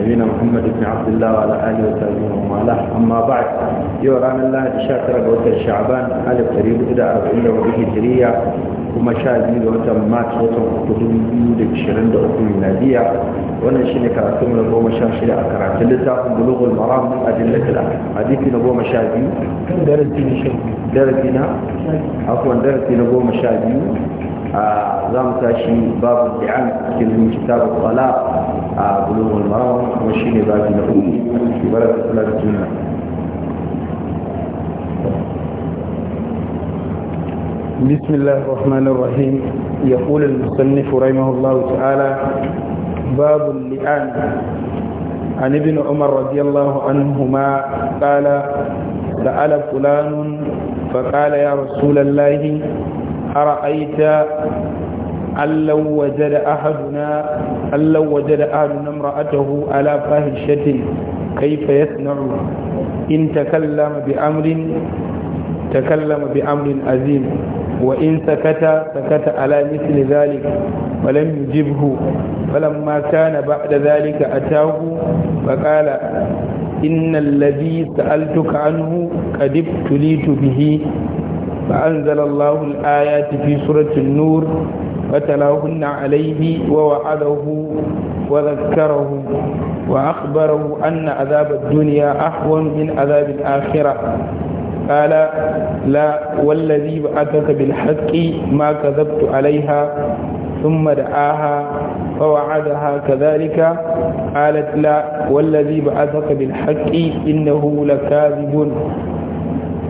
نبينا محمد بن عبد الله وعلى اله وصحبه ومن والاه اما بعد يو ران الله شاكر بوت الشعبان على قريب الى kuma sha biyu da watan mars watan hudu da da miladiya wannan shine karatun na goma sha shida a karatun littafin bulughul maram a adillatil hadisi na goma sha biyu darasi na darasi na goma sha biyu za mu tashi babu li'an cikin kitab al-qala a bulugul maram kuma shine babu na uku barka sallar sunna بسم الله الرحمن الرحيم يقول المصنف رحمه الله تعالى باب اللئان عن ابن عمر رضي الله عنهما قال سأل فلان فقال يا رسول الله أرأيت أن لو وجد أحدنا أن لو وجد أحدنا امرأته على فاحشة كيف يصنع إن تكلم بأمر تكلم بأمر عظيم وإن سكت سكت على مثل ذلك ولم يجبه فلما كان بعد ذلك أتاه فقال إن الذي سألتك عنه قد ابتليت به فأنزل الله الآيات في سورة النور وتلاهن عليه ووعده وذكره وأخبره أن عذاب الدنيا أحون من عذاب الآخرة قال لا والذي بعثك بالحق ما كذبت عليها ثم دعاها فوعدها كذلك قالت لا والذي بعثك بالحق إنه لكاذب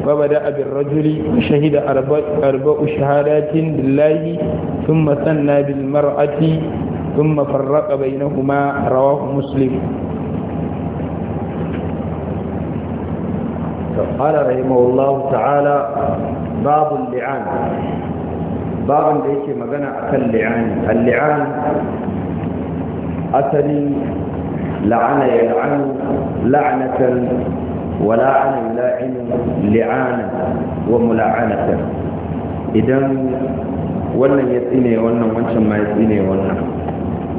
فبدأ بالرجل وشهد أربع, أربع شهادات بالله ثم ثنى بالمرأة ثم فرق بينهما رواه مسلم قال رحمه الله تعالى باب اللعان باب da yake magana akan li'ani al-li'an asali la'ana yal'anu la'natan wala ana yula'inu li'ana wa mula'anatan idan wannan ya tsine wannan wancan ma ya tsine wannan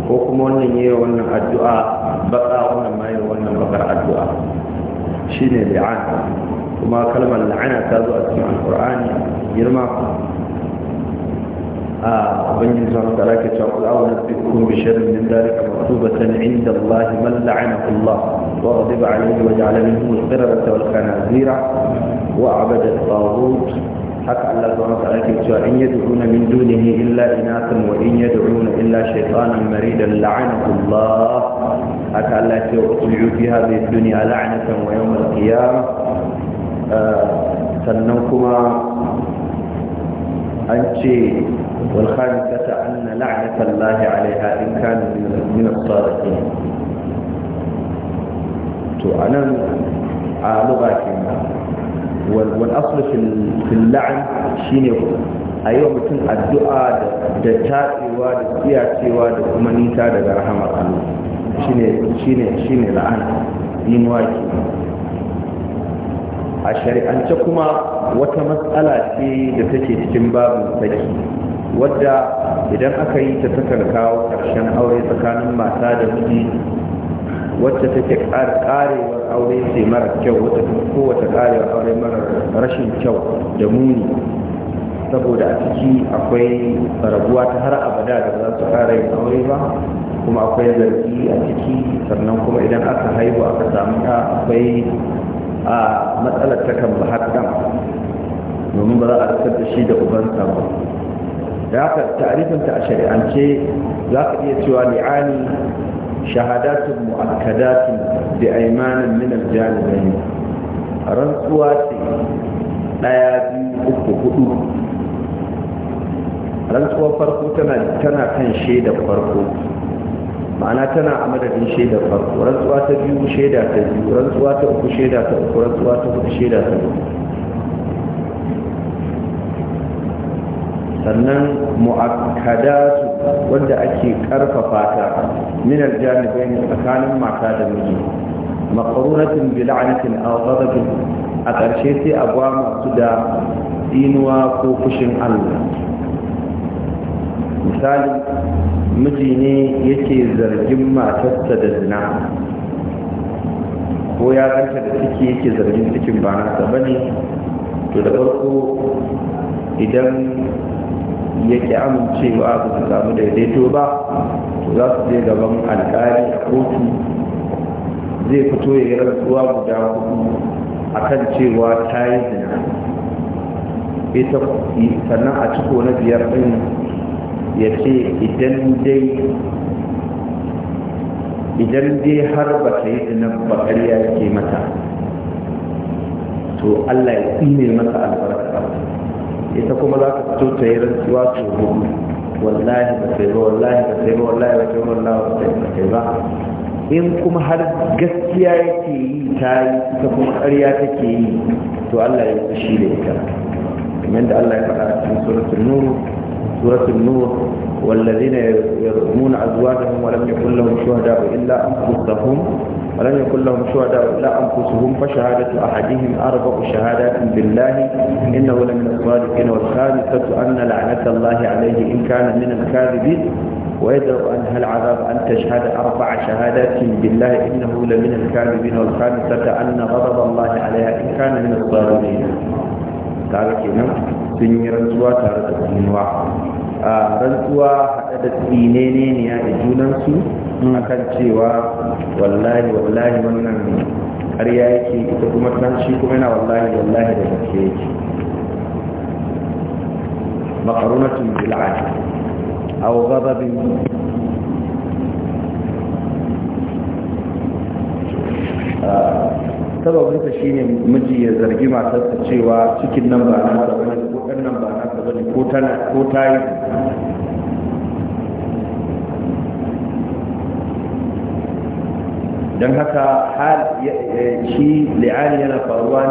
ko kuma wannan ya yi wannan addu'a baka wannan ma wannan bakar addu'a shine li'ana kuma kalmar la'ana ta zo a cikin alqur'ani girma ubangiji subhanahu wa ta'ala ke cewa qul a'udhu bikum bi sharrin min man la'anahu وغضب عليه وجعل منهم القردة والخنازير وعبد الطاغوت حتى الله سبحانه وتعالى كتب إن يدعون من دونه إلا إناثا وإن يدعون إلا شيطانا مريدا لعنه الله حتى الله يطلعوا في هذه الدنيا لعنة ويوم القيامة سنوكما أنت والخامسة أن لعنة الله عليها إن كان من الصادقين to anan a lugakin wal aslu fil la'n shine a yi wa mutum addu'a da tatsewa da tsiyacewa da kuma nita daga rahama Allah shi ne la'an yin waki a shari'ance kuma wata matsala ce da take cikin babu saki wadda idan aka yi ta takan kawo ƙarshen aure tsakanin mata da miji wacce take karewar aure ce mara kyau wata kowace karewar aure mara rashin kyau da muni saboda a ciki akwai rabuwa ta har abada da za su kara yin aure ba kuma akwai zargi a ciki sannan kuma idan aka haihu aka samu ta akwai a matsalar ta kan ba domin ba za a rikar da shi da ubansa ba da haka ta a shari'ance za ka iya cewa li'ani shahadatun mu'akkadatun da aimanin min aljalibai rantsuwa ce ɗaya biyu uku hudu rantsuwar farko tana kan shaidar farko ma'ana tana a madadin shaidar farko rantsuwa ta biyu shaida ta biyu rantsuwa ta uku shaida ta rantsuwa ta shaida ta sannan mu'akkadatu wanda ake karfafa ta min aljanibain tsakanin mata da miji maqrunatin bi la'natin aw ghadabin a ƙarshe sai a gwama su da dinuwa ko fushin Allah misali miji ne yake zargin matarsa da zina ko ya ganta da ciki yake zargin cikin ba nasa bane to da farko idan yake amincewa ba su samu daidaito ba za su je gaban alkali a kotu zai fito ya yi rantsuwa guda hudu a kan cewa ta yi zina ita sannan a ciko na biyar din ya ce idan dai har ba ta yi zina ba ƙarya yake mata to allah ya tsine masa albarka ita kuma za ka fito ta yi rantsuwa to hudu wallahi ba sai ba wallahi ba sai ba wallahi ba sai ba wallahi ba sai ba in kuma har gaskiya yake yi ta yi ita kuma ƙarya take yi to Allah ya fushi da ita kamar da Allah ya faɗa a cikin suratul nur suratul nur والذين يرمون أزواجهم ولم يكن لهم شهداء إلا أنفسهم ولم يكن لهم شهداء الا انفسهم فشهاده احدهم اربع شهادات بالله انه لمن الصادقين والخامسه ان لعنه الله عليه ان كان من الكاذبين ويدعو هل العذاب ان تشهد اربع شهادات بالله انه لمن الكاذبين والخامسه ان غضب الله عليها ان كان من الظالمين tare كنا sun yi rantsuwa tare da tsinuwa rantsuwa haɗe da tsinene akan cewa wallahi wallahi wannan ƙarya yake ita kuma san shi kuma yana wallahi wallahi da gaske yake maqarunatun bil ajl aw ghadabin sababin ta shine miji ya zargi matarsa cewa cikin nan ba na ta bane ko kan nan ba na ta bane ko tana ko ta yi don haka hal shi li'ani yana faruwa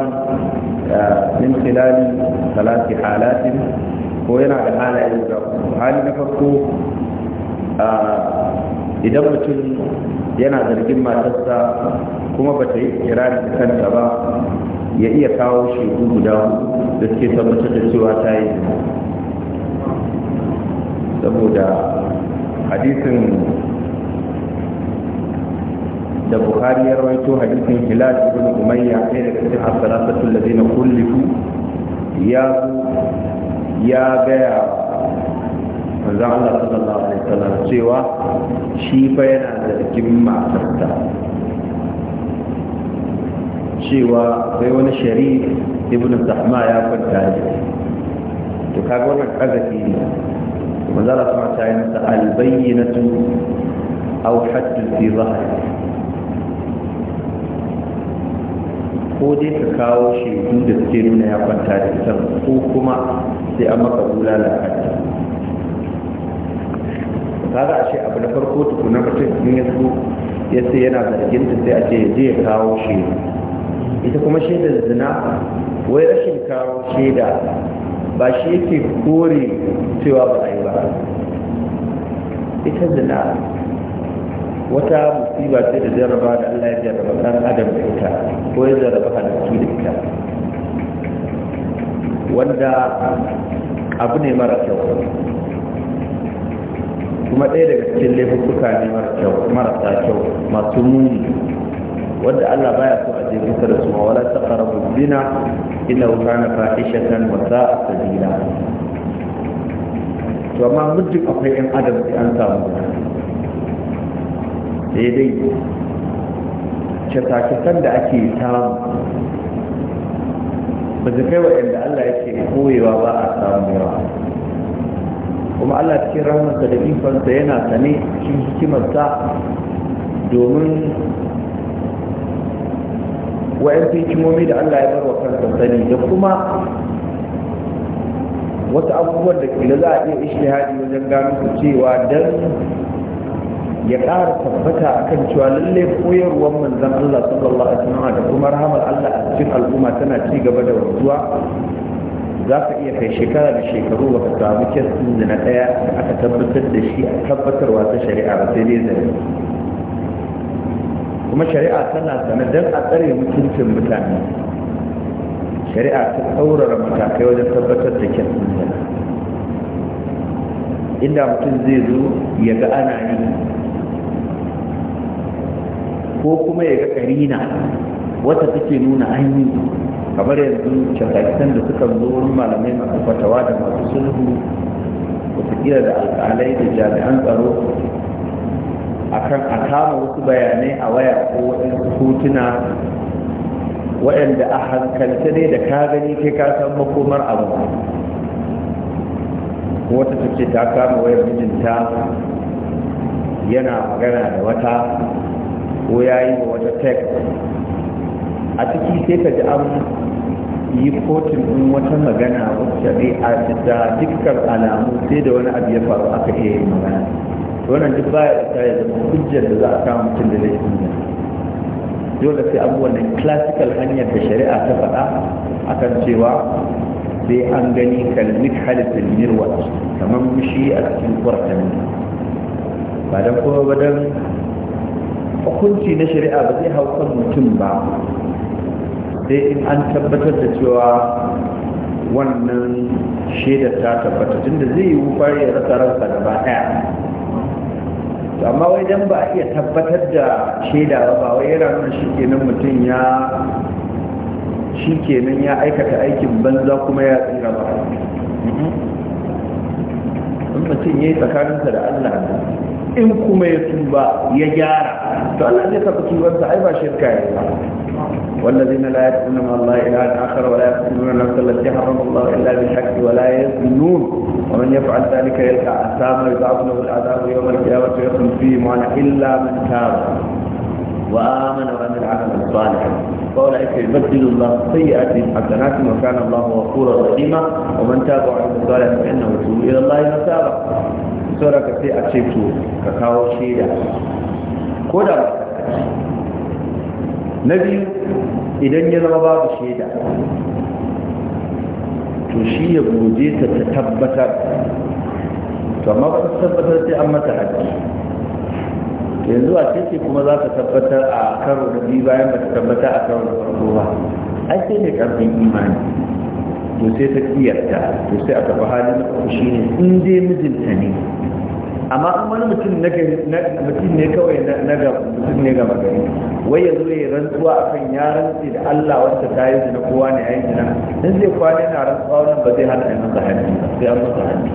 ne min khilali salati halatin ko yana da halayen da hali na farko idan mutum yana zargin matarsa kuma ba ta yi kirari da kanta ba ya iya kawo shi guda da suke tabbatar da cewa ta yi saboda hadisin da bukhari ya rawaito hadisin hilal ibn umayya ɗaya daga cikin asalatatul ladina kullifu ya ya gaya manzon Allah sallallahu alaihi wasallam cewa shi fa yana da cikin matarsa cewa sai wani sharif ibn zahma ya kwanta ne to kaga wannan kazafi ne manzon Allah sallallahu alaihi wasallam ta albayyinatu aw hadd fi dhahri ko dai ka kawo shaidu da suke nuna ya kwanta da ita ko kuma sai an maka bulala a kaga ashe abu na farko tukuna mutum in ya zo ya sai yana zargin ta sai a ce ya je ya kawo shaidu ita kuma shaidar zina wai rashin kawo shaida ba shi yake kore cewa ba a yi ba ita zina wata musiba ce da jarraba da Allah ya jarraba ɗan adam da ita ko ya jarraba halittu da ita wanda abu ne mara kyau kuma ɗaya daga cikin laifuka ne marasa kyau masu muni wanda Allah baya so a je kusa da su wala taqrabu zina inna kana fahishatan wa sa'a sabila to amma mutum akwai ɗan adam sai an samu sai dai da ake samu ba su kai waɗanda Allah yake ce koyewa ba a samu yawa kuma Allah cikin ramarsa da ikonsa yana sane cikin hikimarsa domin wa'yansu hikimomi da Allah ya bar wa kansa sani da kuma wata abubuwan da kila za a iya ishtihadi wajen gano su cewa don ya ƙara tabbata akan cewa lalle koyarwar manzon Allah sallallahu alaihi wasallam da kuma rahamar Allah a cikin al'umma tana ci gaba da wanzuwa za ka iya kai shekara da shekaru ka samu kesin da na ɗaya da aka tabbatar da shi a tabbatarwa ta shari'a ba sai dai zai kuma shari'a tana sanar don a tsare mutuncin mutane shari'a ta tsaurara matakai wajen tabbatar da kesin da inda mutum zai zo ya ga ana yi ko kuma ya ga karina wata take nuna an kamar yanzu shakakitan da suka zo wani malamai masu fatawa da masu sulhu wataƙila da alƙalai da jami'an tsaro akan a kama wasu bayanai a waya ko waɗansu hotuna waɗanda a hankalce ne da ka gani kai ka san makomar abu wata ta ta kama wayar mijinta yana magana da wata ko ya yi wa wata tek a ciki sai ka ji an yi kotun ɗin wata magana wacce ne a da dukkan alamu sai da wani abu ya faru aka iya yin magana wannan duk baya da ya zama hujjar da za a kama mutum da laifin da dole sai abubuwan da classical hanyar da shari'a ta faɗa akan cewa sai an gani kalmik halittar mirwa kamar mushi a cikin kwartan ba don kuma ba don hukunci na shari'a ba zai hau kan mutum ba sai in an tabbatar da cewa wannan shaidar ta tabbata tunda zai yi wufari ya rasa ransa gaba daya amma wai dan ba a iya tabbatar da shaida ba ba wai yana nuna shi kenan mutum ya shi kenan ya aikata aikin banza kuma ya tsira ba mutum ya yi tsakaninsa da allah in kuma ya tuba ya gyara to Allah zai saka ai ba shirka ya ba والذين لا يدعون مع الله إلها آخر ولا يقتلون النفس التي حرم الله إلا بالحق ولا يزنون ومن يفعل ذلك يلقى عساما يضاعف له العذاب يوم القيامة ويخلد فيه معنى إلا من تاب وآمن وعمل عملا صالحا فأولئك يبدل الله سيئاتهم حسنات وكان الله غفورا رحيما ومن تاب وعمل صالحا فإنه يتوب إلى الله متابا saura ka sai a ce to ka kawo shaida ko da ba na biyu idan ya zama babu shaida to shi ya goje ta ta tabbatar to amma ba tabbatar sai an mata haƙƙi yanzu a ce kuma za ka tabbatar a karo da biyu bayan ba ta tabbata a karo da farko ba ai sai ne ƙarfin imani to sai ta kiyarta to sai a tafi halin uku shi ne in dai mijinta ne amma an wani mutum mutum ne kawai na ga mutum ne ga magari wai ya zo ya rantsuwa a kan ya rantsi da Allah wanda ta yi zina kowa ne a yi zina in zai kwana yana rantsuwa wannan ba zai hana a yi masa hannu sai an masa hannu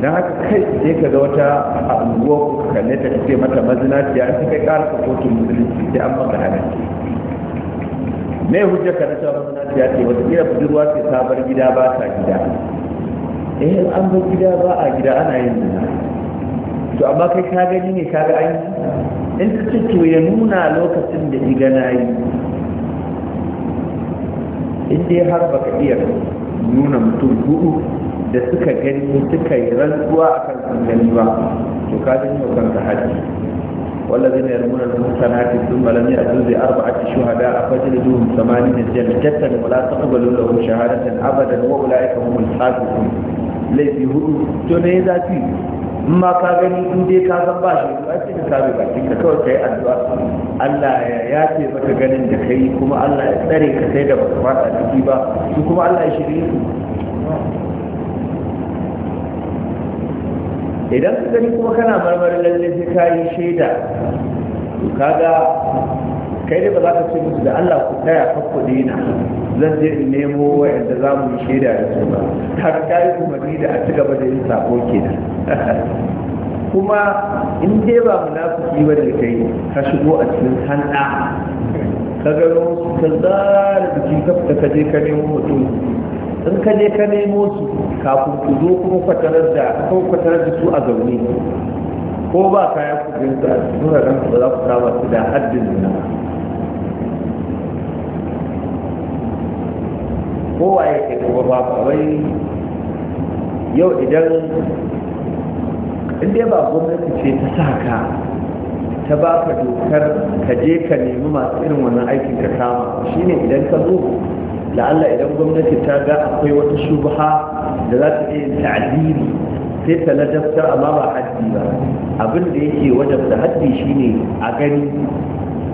dan haka kai sai ka ga wata a unguwa ko kalle ta ce mata mazinaciya sai kai ƙara ka kotun musulunci sai an masa hannu me hujjar ka na cewa mazinaciya ce wata kira budurwa ce ta bar gida ba ta gida eh an bar gida ba a gida ana yin zina to amma kai ka gani ne ka ga an in ta ce ya nuna lokacin da ya gana yi in dai har baka iya nuna mutum hudu da suka gani suka yi rantsuwa a kan sun gani ba to ka gani wa kanka haji والذين يرمون المحصنات ثم لم يأتوا بأربعة شهداء فجلدوهم abadan, جلدة ولا تقبلوا لهم شهادة أبدا laifi هم الحاسدون ليس هدوء zafi? ma ka gani in dai ka san ba shi ba shi ka ba shi ka kawai kai addu'a Allah ya yafe maka ganin da kai kuma Allah ya tsare ka kai da baka fada ciki ba shi kuma Allah ya shirye ku idan ka gani kuma kana marmarin lalle sai ka yi shaida kaga kai ne ba za ka ce musu da Allah ku tsaya ka kuɗi na zan je in nemo wayanda za mu shaida da su ba har ka yi umarni da a ci gaba da yin sako kenan kuma in dai ba munafiki ba da kai ka shigo a cikin sanda ka gano su ka zara da cikin fita ka je ka nemo mutum in ka je ka nemo su kafin ku zo kuma kwatarar da kuma kwatarar da su a zaune ko ba kaya ku bin ka nuna ranku ba za ku kama su da haddin nuna kowa ya ke kuma ba wai yau idan in ba gwamnati ce ta sa ka ta ba ka dokar ka je ka nemi masu irin wannan aikin ka kama shine idan ka zo la'alla idan gwamnati ta ga akwai wata shubha da za ta iya ta'adiri sai ta ladabtar amma ba haddi ba abin da yake da haddi shine a gani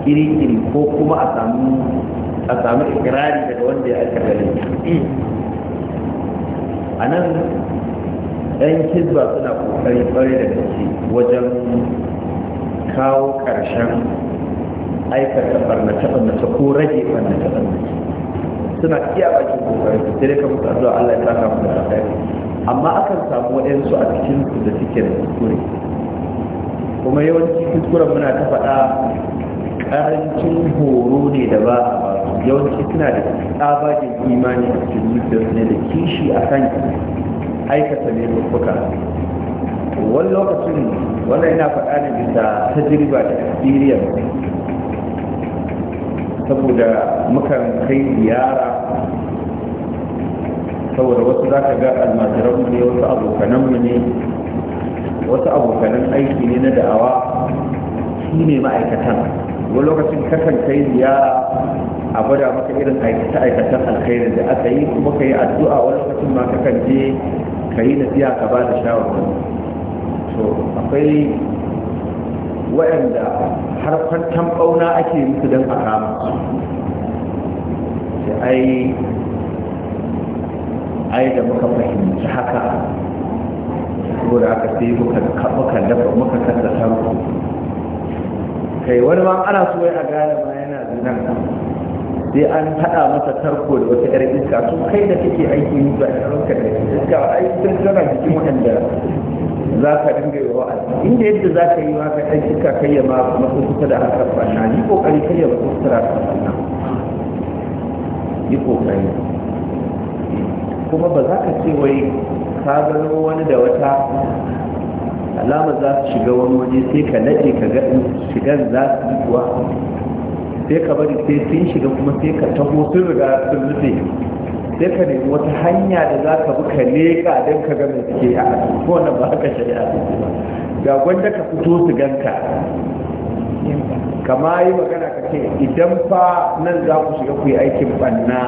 iri-iri ko kuma a samu a samu ikirari daga wanda ya aka gare a nan ɗan kizba suna kokari kwarai da gaske wajen kawo ƙarshen aikata barnace-barnace ko rage barnace-barnace suna iya bakin kokari sai dai ka mutu addu'a Allah ya saka mu da alheri amma akan samu waɗansu a cikin su da suke da kuskure kuma yawanci kuskuren muna ta faɗa ƙarancin horo ne da ba a yawanci suna da tsabagen imani a cikin zuciyarsu ne da kishi a kan aikata ne laifuka wani lokacin wannan yana faɗa ne bisa ta jirba da experience saboda mukan kai ziyara saboda wasu za ka ga almajiranmu ne wasu abokananmu ne wasu abokanan aiki ne na da'awa shi ne ma'aikatan wani lokacin kakan kai ziyara a gwada maka irin aikace-aikacen alkhairin da aka yi kuma ka yi addu'a wani lokacin ma ka je ka yi nasiya ka ba da shawarwari to akwai waɗanda har kwantan ɓauna ake musu don a kama sai ai ai da muka fahimci haka saboda aka sai muka muka dafa muka kasa samu kai wani ma ana so ya gane ma yana zinan sai an haɗa masa tarko da wata ƴar iska su kai da kake aiki ba ka da iska A aikin kana jikin waɗanda za ka dinga yi wa'azi inda yadda za ka yi wa ka ɗan iska kai ya ma masu da haka fanna ni kokari kai ya masu kusa da haka fana yi kokari kuma ba za ka ce wai ka gano wani da wata alama za su shiga wani waje sai ka naɗe ka ga shigan za su yi kuwa sai ka bari sai sun shiga kuma sai ka taho sun riga sun rufe sai ka nemi wata hanya da za ka bi ka leƙa don ka ga mai suke a ko wannan ba haka shari'a ga gwanda ka fito su ganka kama yi magana ka ce idan fa nan za ku shiga ku yi aikin banna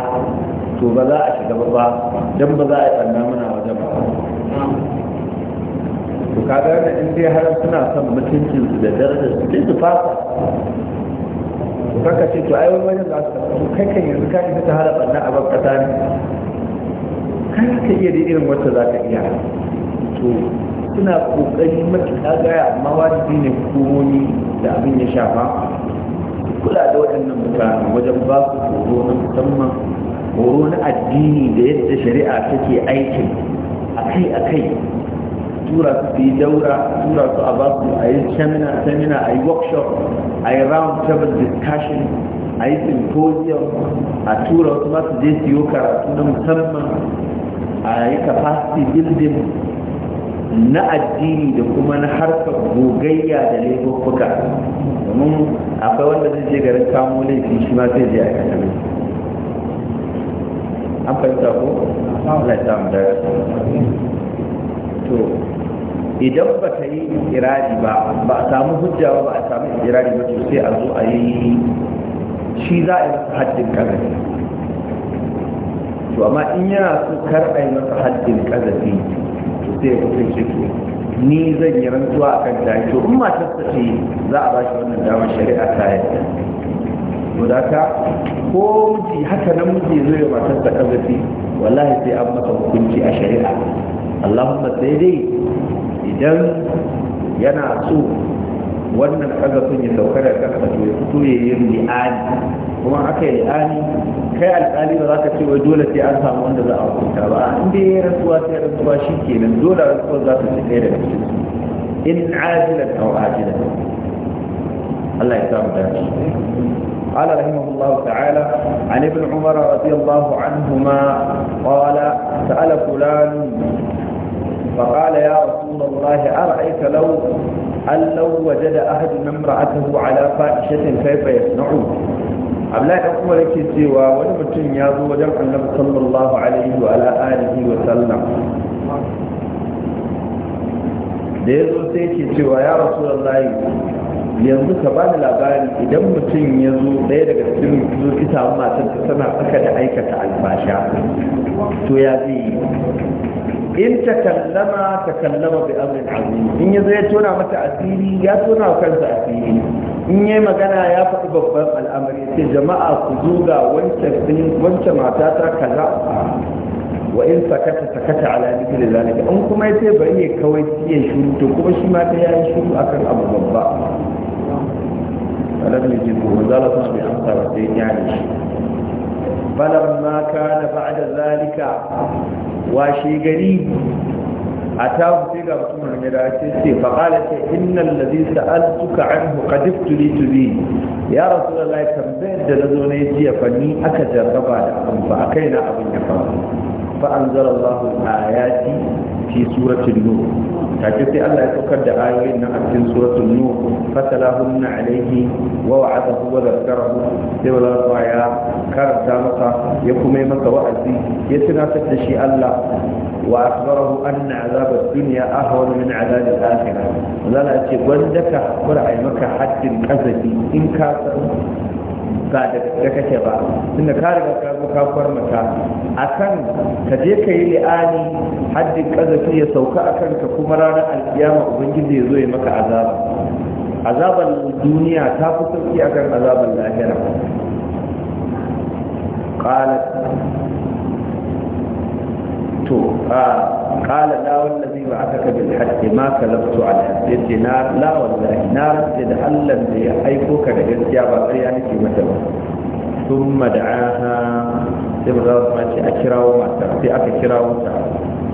to ba za a shiga ba don ba za a yi banna muna wajen ba to kaga in dai har suna son mutuncinsu da darajar su ke su fasa kaka ce to ai wajen za su kai kan yanzu ka isa ta hada banna a babkata ne kana ka iya da irin wacce za ka iya to suna kokari matuƙa gaya amma wajibi ne hukumomi da abin ya shafa kula da waɗannan mutane wajen ba su horo na musamman horo na addini da yadda shari'a take aikin akai-akai tura su yi daura tura su a basu a yi seminar seminar a yi workshop a yi round table discussion a yi symposium a tura su masu je su yi karatu na musamman a yi capacity building na addini da kuma na harkar gogayya da laifuffuka domin akwai wanda zai je garin kamo laifin shi ma sai je a kasar an fahimta ko? Allah ya samu dace. to idan ba ta yi irari ba ba a samu hujja ba ba a samu irari ba to sai a zo a yi shi za a yi masa haddin kazafi to amma in yana so kar a yi masa haddin kazafi to sai ya kusa to ni zan yi rantsuwa a kan dai to in ta ce za a ba shi wannan damar shari'a ta yadda to da ka ko miji haka nan miji zai matarsa kazafi wallahi sai an masa hukunci a shari'a allahumma sai dai idan yana so wannan kagafin ya sauka da kasa to ya fito ya yi li'ani kuma aka yi li'ani kai alƙali ba za ka ce wai dole sai an samu wanda za a hukunta ba in dai ya rasuwa sai rasuwa shi kenan dole rasuwa za ta ci ɗaya daga cikin in ajilan aw ajilan Allah ya samu dace قال رحمه الله تعالى عن ابن عمر رضي الله عنهما قال سأل فلان فقال يا رسول الله أرأيت لو أن لو وجد أحد امرأته على فائشة كيف يصنع Abdullahi dan kuma yake cewa wani mutum ya zo wajen Annabi sallallahu alaihi wa ala alihi wa sallam da ya zo sai yake cewa ya Rasulullahi yanzu ka bani labari idan mutum ya zo ɗaya daga cikin zo ki samu matar tana tsaka da aikata albasha to ya zai in ta kallama ta kallama bi amrin azim in ya tona mata asiri ya tona wa kansa asiri in yayi magana ya faɗi babban al'amari sai jama'a ku zo ga wancan wancan mata ta kaza wa in sakata sakata ala dhikri zalika in kuma yace bari ya kawai ya shiru to kuma shi ma ta yi shiru akan abu babba alam yajibu wa zalata bi amsa sai ya ne shi falar ma ka na bada zalika washe gari a ta fi ga mutumar ce ce faƙala ce innan da zai sa'ad suka an hukadif turi turi ya rasu da lai tambayar da na zo na yi fa ni aka jarraba da abu ba a kai abin ya fa fa an zara allahu a yati fi suratul take sai Allah ya saukar da ayoyin nan a cikin suratul nur fatalahunna alaihi wa wa'adahu wa ya karanta masa ya kuma yi masa wa'azi ya tunatar da shi Allah wa anna azab ad-dunya maka haddin in ba da da kake ba tunda ka riga ka zo ka farmata akan ka je ka yi li'ani haddin kazafi ya sauka akan ka kuma ranar alkiyama ubangiji ya zo ya maka azaba Azaban duniya ta fi sauki akan azabar lahira qalat قال لا والذي بعثك بالحق ما كلفت على يتي نار لا والله نار سيد هل الذي أيكوك لجزيا بقريا نكي مثلا ثم دعاها سيبغى ما أكرا وما تأتي أكرا وما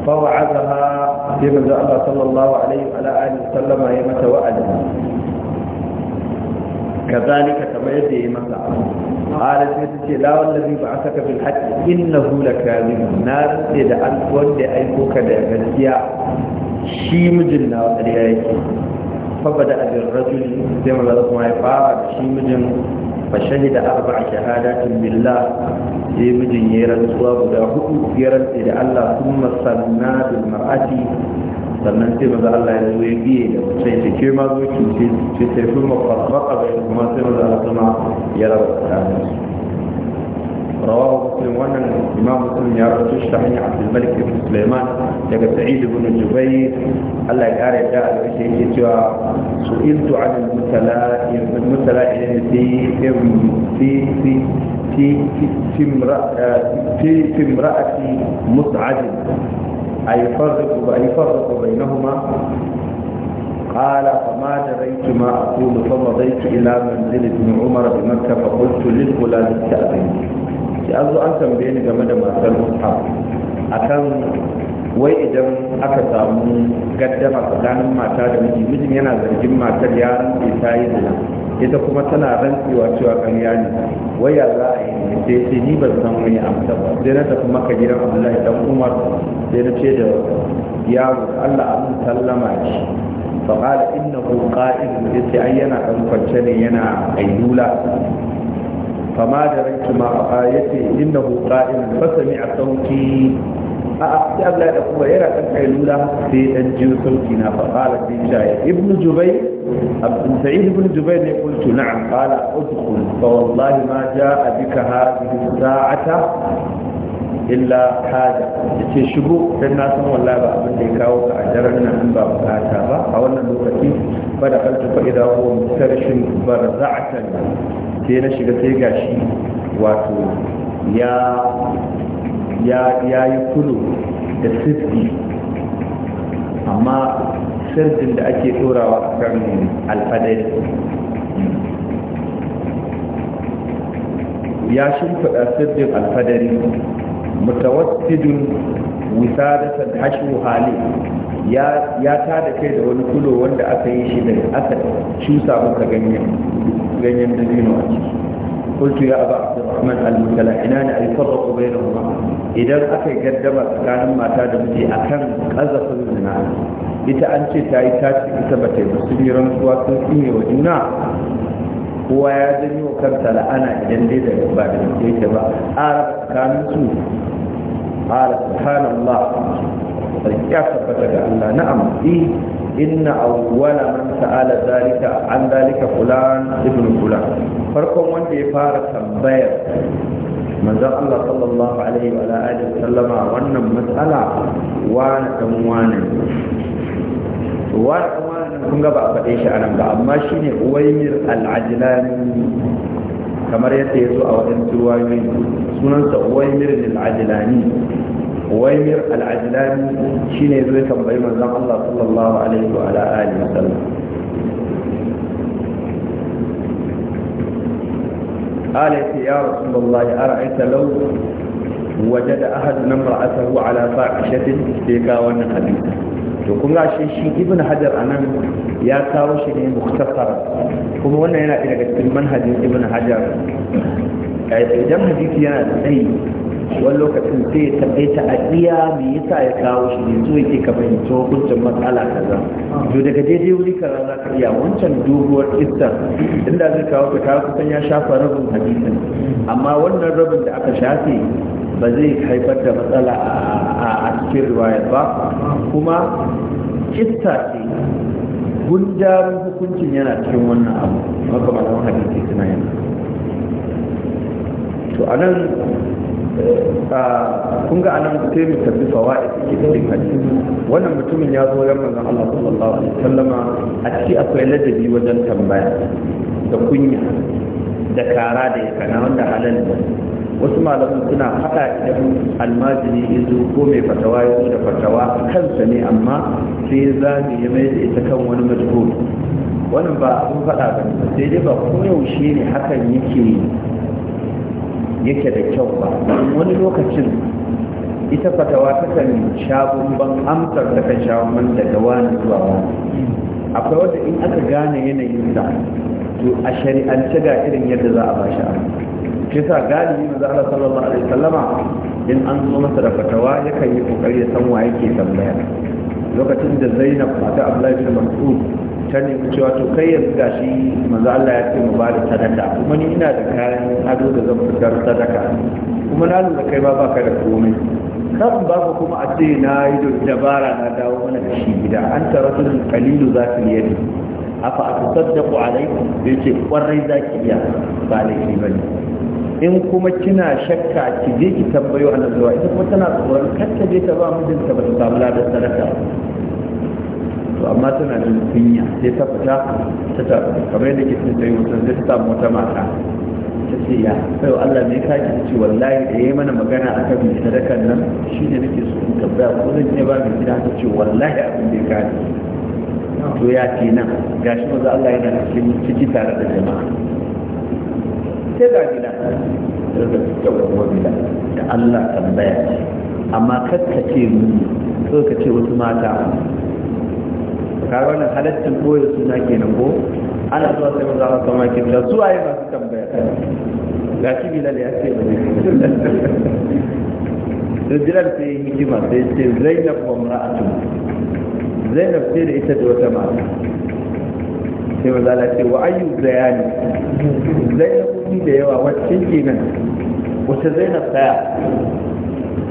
فوعظها سيبغى الله صلى الله عليه وعلى آله وسلم هي متوألها kazalika kamar yadda yayi masa qala sai ta ce la wallazi ba'athaka bil haqq innahu lakazib na rike da an wanda ya aiko ka da gaskiya shi mijin na ƙarya yake fa bada abin rajuli sai manzo kuma ya da shi mijin فشهد أربع شهادات بالله يمجن يرى الصواب له يرى الله ثم صلنا بالمرأة sannan sai maza Allah ya zo ya biye da wacce ya ke ma zo ki ce ce sai kuma farfaka bai kuma sai maza Allah kuma ya raba tsakanin رواه مسلم وان الامام مسلم يا رسول الله عبد الملك بن سليمان daga سعيد بن جبير الله يقاري دا الشيء يتوا سئلت عن المتلائم المتلائم في في في في في امرأة في امرأة مسعد أيفرق بينهما قال فما دريت ما أقول فمضيت إلى منزل ابن عمر بمكة فقلت للغلام استأذنك yanzu an tambaye ni game da matar mushaf akan wai idan aka samu gaddama tsakanin mata da miji mijin yana zargin matar yaran rantse ta yi zina ita kuma tana rantsewa cewa ƙarya ne waya za a yi sai ce ni ban san wani amsa ba sai na tafi maka gidan abdullahi dan umar sai na ce da yaro allah an sallama shi faƙala innahu qa'id sai ce ai yana ɗan kwance ne yana ailula فما دريت ما آيته إنه قائم فسمع صوتي أأخذ أبلا أقول يرى أن أيلولا في أنجي na فقال في شاية ابن جبير عبد سعيد بن جبير قلت نعم قال ادخل فوالله ما جاء بك هذه الساعة إلا حاجة يتي شبو سنة سنة والله بأبن ديكاو فأجرنا من باب هاتابا أولا لوكتي فدخلت فإذا هو مسترش برزعة سينا شغتي غاشي واتو يا يا يا يكلو da siffi amma sirdin da ake turawa kan alfadari ya shimfiɗa sirdin alfadari mutawassidun wisadatan hashu hali ya tada kai da wani kulo wanda aka yi shi da aka cusa maka ganyen ganyen dabino a ciki قلت يا أبا عبد الرحمن da الفرق بينهما إذا أكي tsakanin mata da تاد مجي kan قذف zinari. ita an ce ta yi tashi ita ba ta yi sun yi rantsuwa sun tsine wa juna kowa ya janyo kanta la'ana idan dai da ba da yake ba a tsakanin su a ba. sarki ya tabbata ga Allah na'am eh inna awwala man sa'ala zalika an zalika fulan ibn fulan farkon wanda ya fara tambayar manzon Allah sallallahu alaihi wa alihi sallama wannan matsala? wa na dan wani wani kuma kun gaba a faɗe shi a nan ba amma shi ne al'ajilani kamar yadda ya zo a wajen ruwayoyi sunansa uwaimir al'ajilani uwaimir al'ajilani shi ne zai tambayi manzan Allah sallallahu alaihi wa alihi wa sallam قال يا رسول الله أرأيت لو وجد أحد امرأته على فاحشة في كاوان حديثا to kun shi shi ibn hajar anan ya kawo shi ne muktasar kuma wannan yana daga cikin manhajin ibn hajar idan hadisi yana da tsayi wani lokacin sai ya taɓaita a iya me yasa ya kawo shi ne yake ka fahimci hukuncin matsala kaza to daga daidai wuri kaza za ka iya wancan doguwar istar inda zai kawo ka kawo kusan ya shafa rabin hadisin amma wannan rabin da aka shafe ba zai haifar da matsala a cikin riwayar ba kuma kista ce gundarin hukuncin yana cikin wannan abu makamakon hadisi suna yana to a nan eh, kun ga anan sai mu tafi fawaid ke cikin hadisi wannan mutumin ya zo ran manzon Allah sallallahu alaihi sallama a ciki akwai ladabi wajen tambaya da kunya da kara da kana wanda halal wasu malamin suna haɗa idan almajiri ya zo ko mai fatawa ya zo da fatawa kansa ne amma sai ya zame ya mai da ita kan wani majhul wannan ba abin faɗa ba sai dai ba koyaushe ne hakan yake yake da kyau ba wani lokacin ita fatawa ta kan sha bambam amsar ta kan sha daga wani zuwa wani akwai wanda in aka gane yanayin da, to a shari'ance ga irin yadda za a ba shi shi yasa galibi manzo Allah sallallahu alaihi in an zo masa da fatawa yakan yi kokari ya san wa yake tambaya lokacin da Zainab mata Abdullahi bin Mas'ud ta ne cewa to kai yanzu gashi manzo Allah ya ce mu ba da sadaka kuma ni ina da kayan ado da zan fitar sadaka kuma na lura kai ba baka da komai kan ba ku kuma a ce na yi dabara na dawo mana da shi gida an tara sunan kalilu za su yi afa a ku saddaku alaikum da ce kwarai za ki iya ba laifi ba ne in kuma kina shakka ki je ki tambayo a nazuwa ita kuma tana tsoron kar je ta ba mijinta ba ta samu ladar sadaka to amma tana jin kunya sai ta fita ta ta kamar yadda ke tunta yi mutum zai ta samu wata mata ta ce ya sai Allah me ka ki ce wallahi da ya yi mana magana a kan sadakan nan ne nake so in tambaya ko zan iya ba gida ta ce wallahi abin da ka to ya ce nan gashi maza Allah yana cikin ciki tare da jama'a sai ga gida da kyau gida da Allah tambaya ce amma kakka ce mu so ka ce wasu mata kaga wannan halaccin koyar suna ke nan ko ana zuwa sai mun a kama ke da zuwa yi masu tambaya ga shi bilal ya ce ba ne da bilal sai yi hikima sai ce zainab wa mar'atu zainab sai da ita da wata mata sai wa zala ce wa ayyu bayani zainabi da yawa wacce kenan wacce zainab daya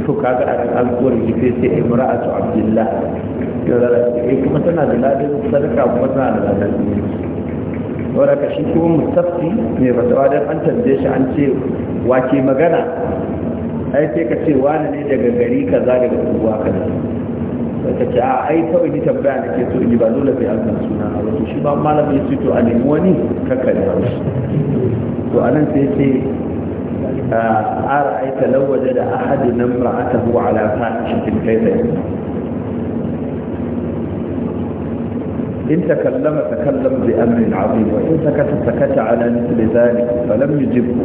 to kaga a cikin alƙawar jife sai imra'atu abdullah Sai zala ce eh, kuma tana da ladin sadaka kuma tana da ladan wadda ka shi kuma musafi mai fasawa don an tambaye shi an ce wa ke magana ai sai ka ce wani ne daga gari kaza daga kuwa kaza ka ce a ai kawai ni tambaya da ke so in yi ba dole sai an san suna a wasu shi ba malamin su to a nemi wani kakkan ba wasu to nan sai ce a ra'aita lawaje da ahadi nan ra'atahu ala fa'ishin kai da إن تكلم تكلم بأمر عظيم وإن سكت سكت على مثل ذلك فلم يجبه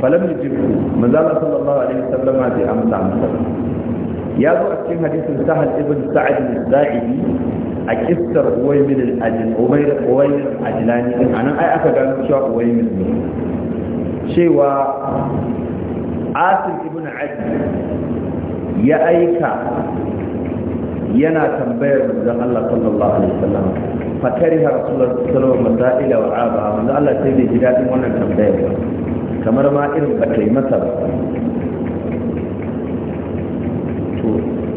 فلم يجبه من ذلك صلى الله عليه وسلم هذه amsa عن ya zo a cikin hadisin sahal ibn sa'ad al-za'idi a kissar uwaymin al-ajin umayr uwaymin al-ajlani din anan ai aka gano cewa uwaymin ne cewa asim ibn adi ya aika yana tambayar manzon Allah sallallahu alaihi wasallam fakariha rasulullah sallallahu alaihi wasallam masaila wa aba manzon Allah sai bai ji dadin wannan tambayar kamar ma irin ba masa ba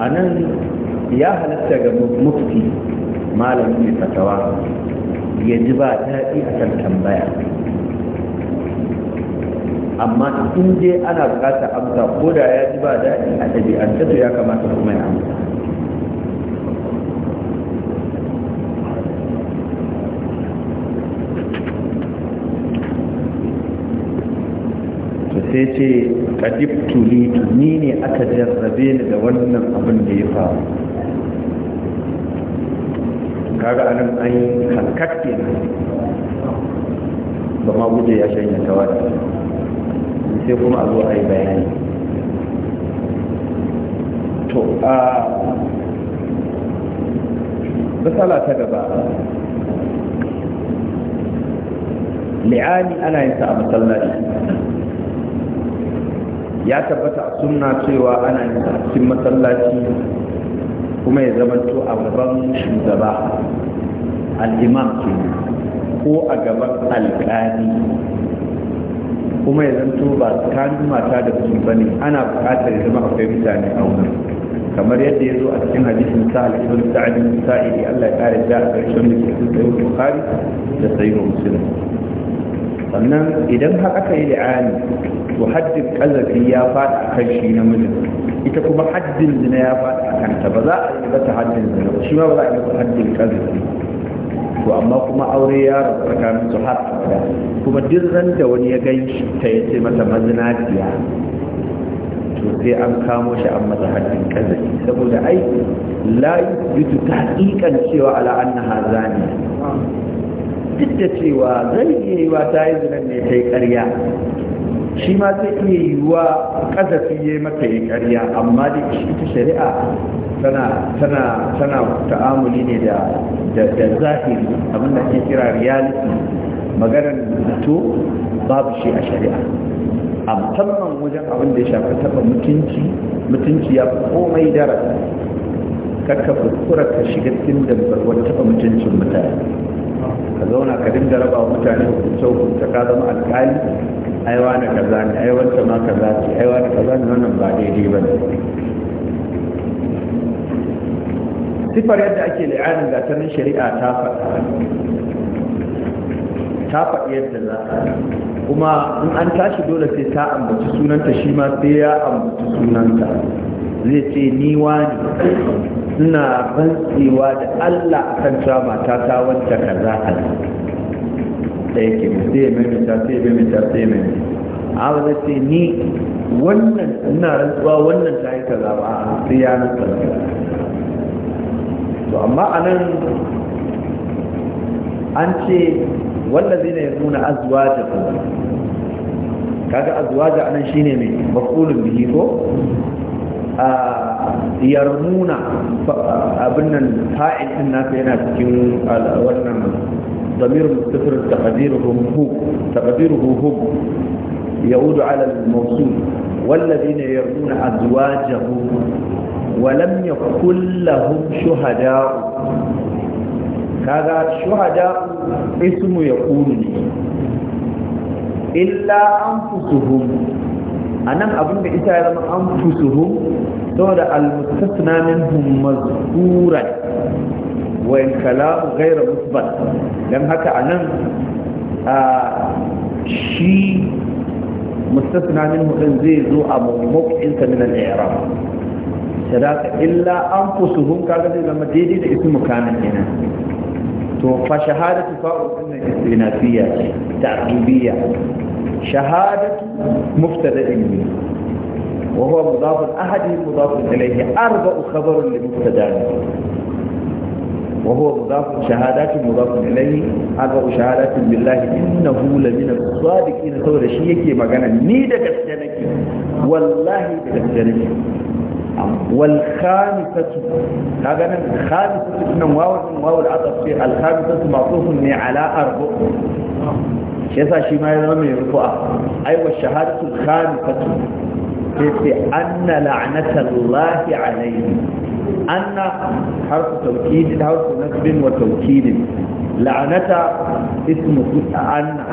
a nan ya halatta ga mufti malamin mai fatawa ya ji ba daɗi a kan tambaya amma in je ana buƙatar amsa ko da ya ji ba daɗi a ɗabi'ar ya kamata kuma ya amsa sai ce kadib tulitu ni ne aka jarrabe ni da wannan abin da ya faru kaga anan an yi ne ba ma guje ya shanya tawada sai kuma a zo a yi bayani to a matsala ta gaba li'ani ana yin sa a masallaci ya tabbata a suna cewa ana yin cikin masallaci kuma ya zamanto a gaban shugaba al'imam ke ko a gaban alƙali kuma ya zanto ba tsakanin mata da su ba ne ana buƙatar zama akwai mutane a wurin kamar yadda ya zo a cikin hadisin sa'al ibn sa'id ibn sa'id Allah ya kare da karshen da ke cikin Bukhari da Sahih Muslim sannan idan har aka yi li'ani to haddin kazafi ya faɗi a kan shi na mijin ita kuma haddin zina ya faɗi a kanta ba za a yi mata haddin zina shi ma ba za a yi mata haddin kazafi to amma kuma aure ya rabu tsakanin su har abada kuma duk ran da wani ya gan shi ta yace mata mazinaciya to sai an kamo shi an masa haddin kazafi saboda ai la yutu tahqiqan cewa ala anna hazani duk da cewa zai iya yi wa ta yi zinan ne ta yi ƙarya shi ma zai iya yiwuwa kazafi ya mata ya ƙarya amma da ita shari'a tana tana tana ta'amuli ne da da zahiri abin da ake kira reality maganar mutu babu shi a shari'a a musamman wajen abin da ya shafi taɓa mutunci mutunci ya fi komai dara kakka kuskura ka shiga cikin dambarwar taɓa mutuncin mutane ka zauna ka dinga raba mutane hukunce hukunce ka zama alkali aiwa na kaza ne aiwa ta ma kaza ce aiwa na kaza ne wannan ba daidai ba ne sifar yadda ake li'anin gatanin shari'a ta faɗa ta faɗi yadda za a kuma in an tashi dole sai ta ambaci sunanta shi ma sai ya ambaci sunanta zai ce ni wani Suna rantsewa da Allah a kan cewa mata ta wanda kaza kaza da yake sai mai mita sai mai mita sai mai a wanda ce ni wannan ina rantsuwa wannan ta yi kaza ba a sai ya nutsa to amma a nan an ce wanda zai na yanzu na azuwa da kaga azuwa da nan shine mai makulun bihi ko a ah, yarmuna abinnan fa’in ɗin nasa yana cikin wannan zamir mutafir ta ƙadir huhu ta huhu ya wudu alal mawsu wallabi ne yarmuna a zuwa jahu walam ya kullahun shuhada kaga shuhada ismu ya kuru ne illa an fusuhun a nan abin da ita ya zama an fusuhu saboda al-mustasna minhum mazkuran wa in kalamu ghayra musbat dan haka a nan shi mustasna minhu din zai zo a mawqin sa min al-i'rab sadaka illa anfusuhum kaga zai zama daidai da ismu kanin kenan to fa shahadatu fa'u inna istinafiya ta'dubiyya shahadatu mubtada'in ne wa huwa mudafun ahadi mudafun ilayhi arba'u khabarun li mubtada'in وهو مضاف شهادات مضاف إليه أربع شهادات بالله إنه لمن الصادقين سورة شيء يكي مغانا ني دغسكي والله دغسكي wal khamisatu kaga nan khamisatu nan wawu wawu al-ataf fi al khamisatu ala arbu yasa shi ma ya zama mai rufu'a ai wa shahadatu khamisatu sai anna la'natullahi alayhi anna harfu tawkid harfu nasbin wa tawkid la'nata ismu anna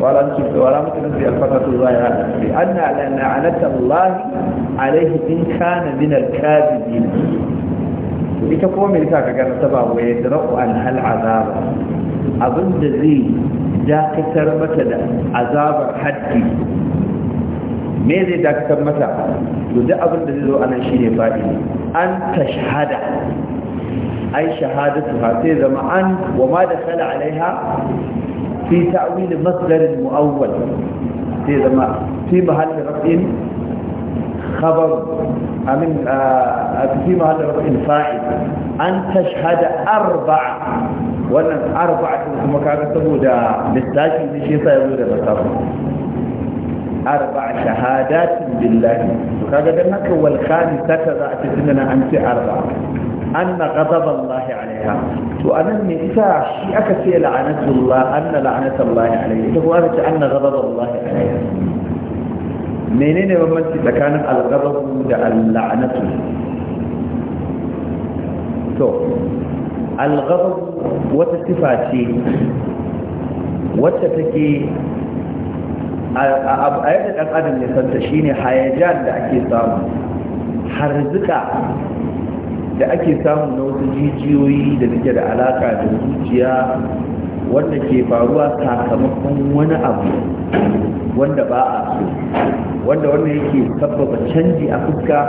ولا ممكن في الفترة الظاهرة لأن لعنة الله عليه إن كان من الكاذبين ita kuma mai sa kaga ta ba wa yadda an hal azaba abin da zai dakatar mata da azabar haddi me zai dakatar mata to duk abin da zai zo anan shine fadi an tashhada ai shahadatu ha sai zama an wa ma da alaiha في تأويل مصدر مؤول في ما في محل رفع خبر أمن آه، في محل رفع فاعل أن تشهد أربع ولا أربعة كما كان سبودا بالتاكيد شيء سيقول بصره أربع شهادات بالله وكذا ذلك والخامسة ذات سننا أنت أربع أن غضب الله عليه ta to anan me yasa shi aka ce la'anatullah anna la'anatullah alayhi ita kuma aka ce anna ghadabullah alayhi menene bambanci tsakanin al-ghadab da al-la'anatu to al-ghadab wata sifa ce wacce take a yadda ɗan adam ya santa shine hayajan da ake samu har harzuka da ake samu na wasu jijiyoyi da suke da alaka da zuciya wanda ke faruwa sakamakon wani abu wanda ba a so wanda wanda yake sabbaba canji a fuska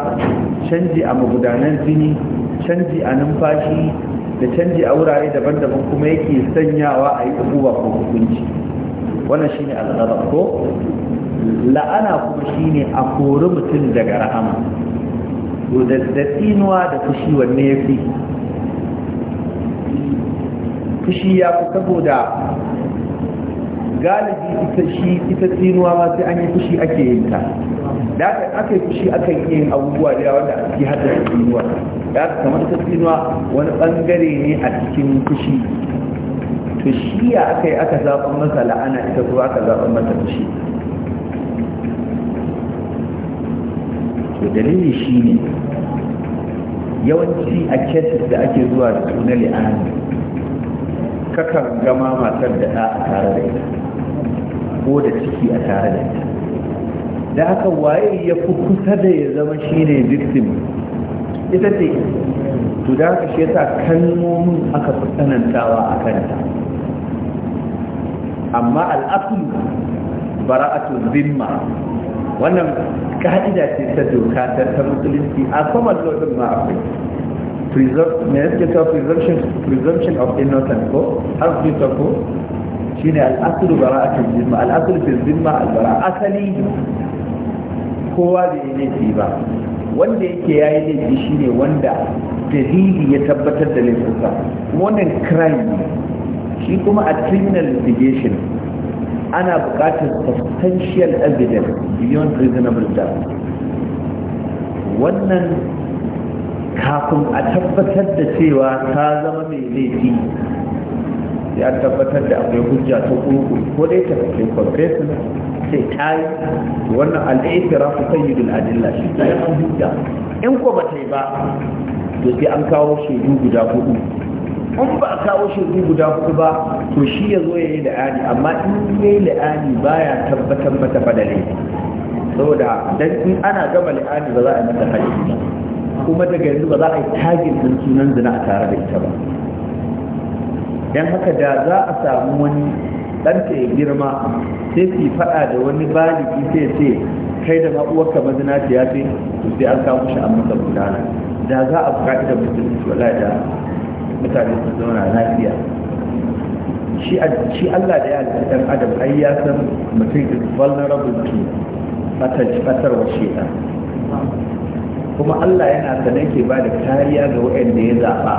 canji a magudanan jini canji a numfashi da canji a wurare daban-daban kuma yake sanyawa a yi abubuwa ko hukunci wannan shine al'adar ko la'ana kuma shine a kori mutum daga rahama to da tsinuwa da fushi wanne ya fi fushi ya fi saboda galibi ita shi ita tsinuwa ma sai an yi fushi ake yin ta da aka aka yi fushi aka yi yin abubuwa da wanda ake haddasa tsinuwa da aka kamar ita tsinuwa wani bangare ne a cikin fushi to shi ya aka yi aka zaɓa masa la'ana ita ko aka zaɓa masa fushi to dalili ne. yawanci a kesis da ake zuwa da su na li'ani kakan gama matar da ɗa a tare da ita ko da ciki a tare da ita da haka waye ya fi kusa da ya zama shi ne victim ita ce to da haka shi yasa kalmomin aka fi tsanantawa a kanta amma al'asul bara'atul zimma wannan ka'ida ce ta doka ta ta musulunci a common lokacin din ma kai, me ya suke cewa presumption of innocence ko har su ta ko shi ne al'asiru bara a kan zirma al'asiru fi zirma albara asali kowa bai yi laifi ba wanda yake ya yi laifi shi ne wanda dalili ya tabbatar da laifinsa wannan crime ne shi kuma a criminal litigation ana buƙatar substantial evidence beyond reasonable doubt wannan kafin a tabbatar da cewa ta zama mai laifi ya tabbatar da akwai hujja ta kurkuru ko dai ta kace confession sai ta yi wannan al'aitira su sayyidul adilla shi ta yi hujja in ko ba ta yi ba to sai an kawo shaidu guda hudu in ba a kawo shaidu guda hudu ba to shi ya zo ya yi la'ani amma in ya yi la'ani ya tabbatar mata fadale saboda dan in ana gama la'ani ba za a yi mata fadale kuma daga yanzu ba za a yi tagin din sunan zina a tare da ita ba dan haka da za a samu wani ɗanta ya girma sai su faɗa da wani baliki sai ce kai da ma'uwarka mazinaciya ta yafe sai an kawo shi a masa gudana da za a buƙaci da su wala da mutane su zauna lafiya shi Allah da ya halitta dan adam ai ya san mutum is vulnerable to fatar wa shaitan kuma Allah yana sanar ke ba da kariya ga waɗanda ya zaɓa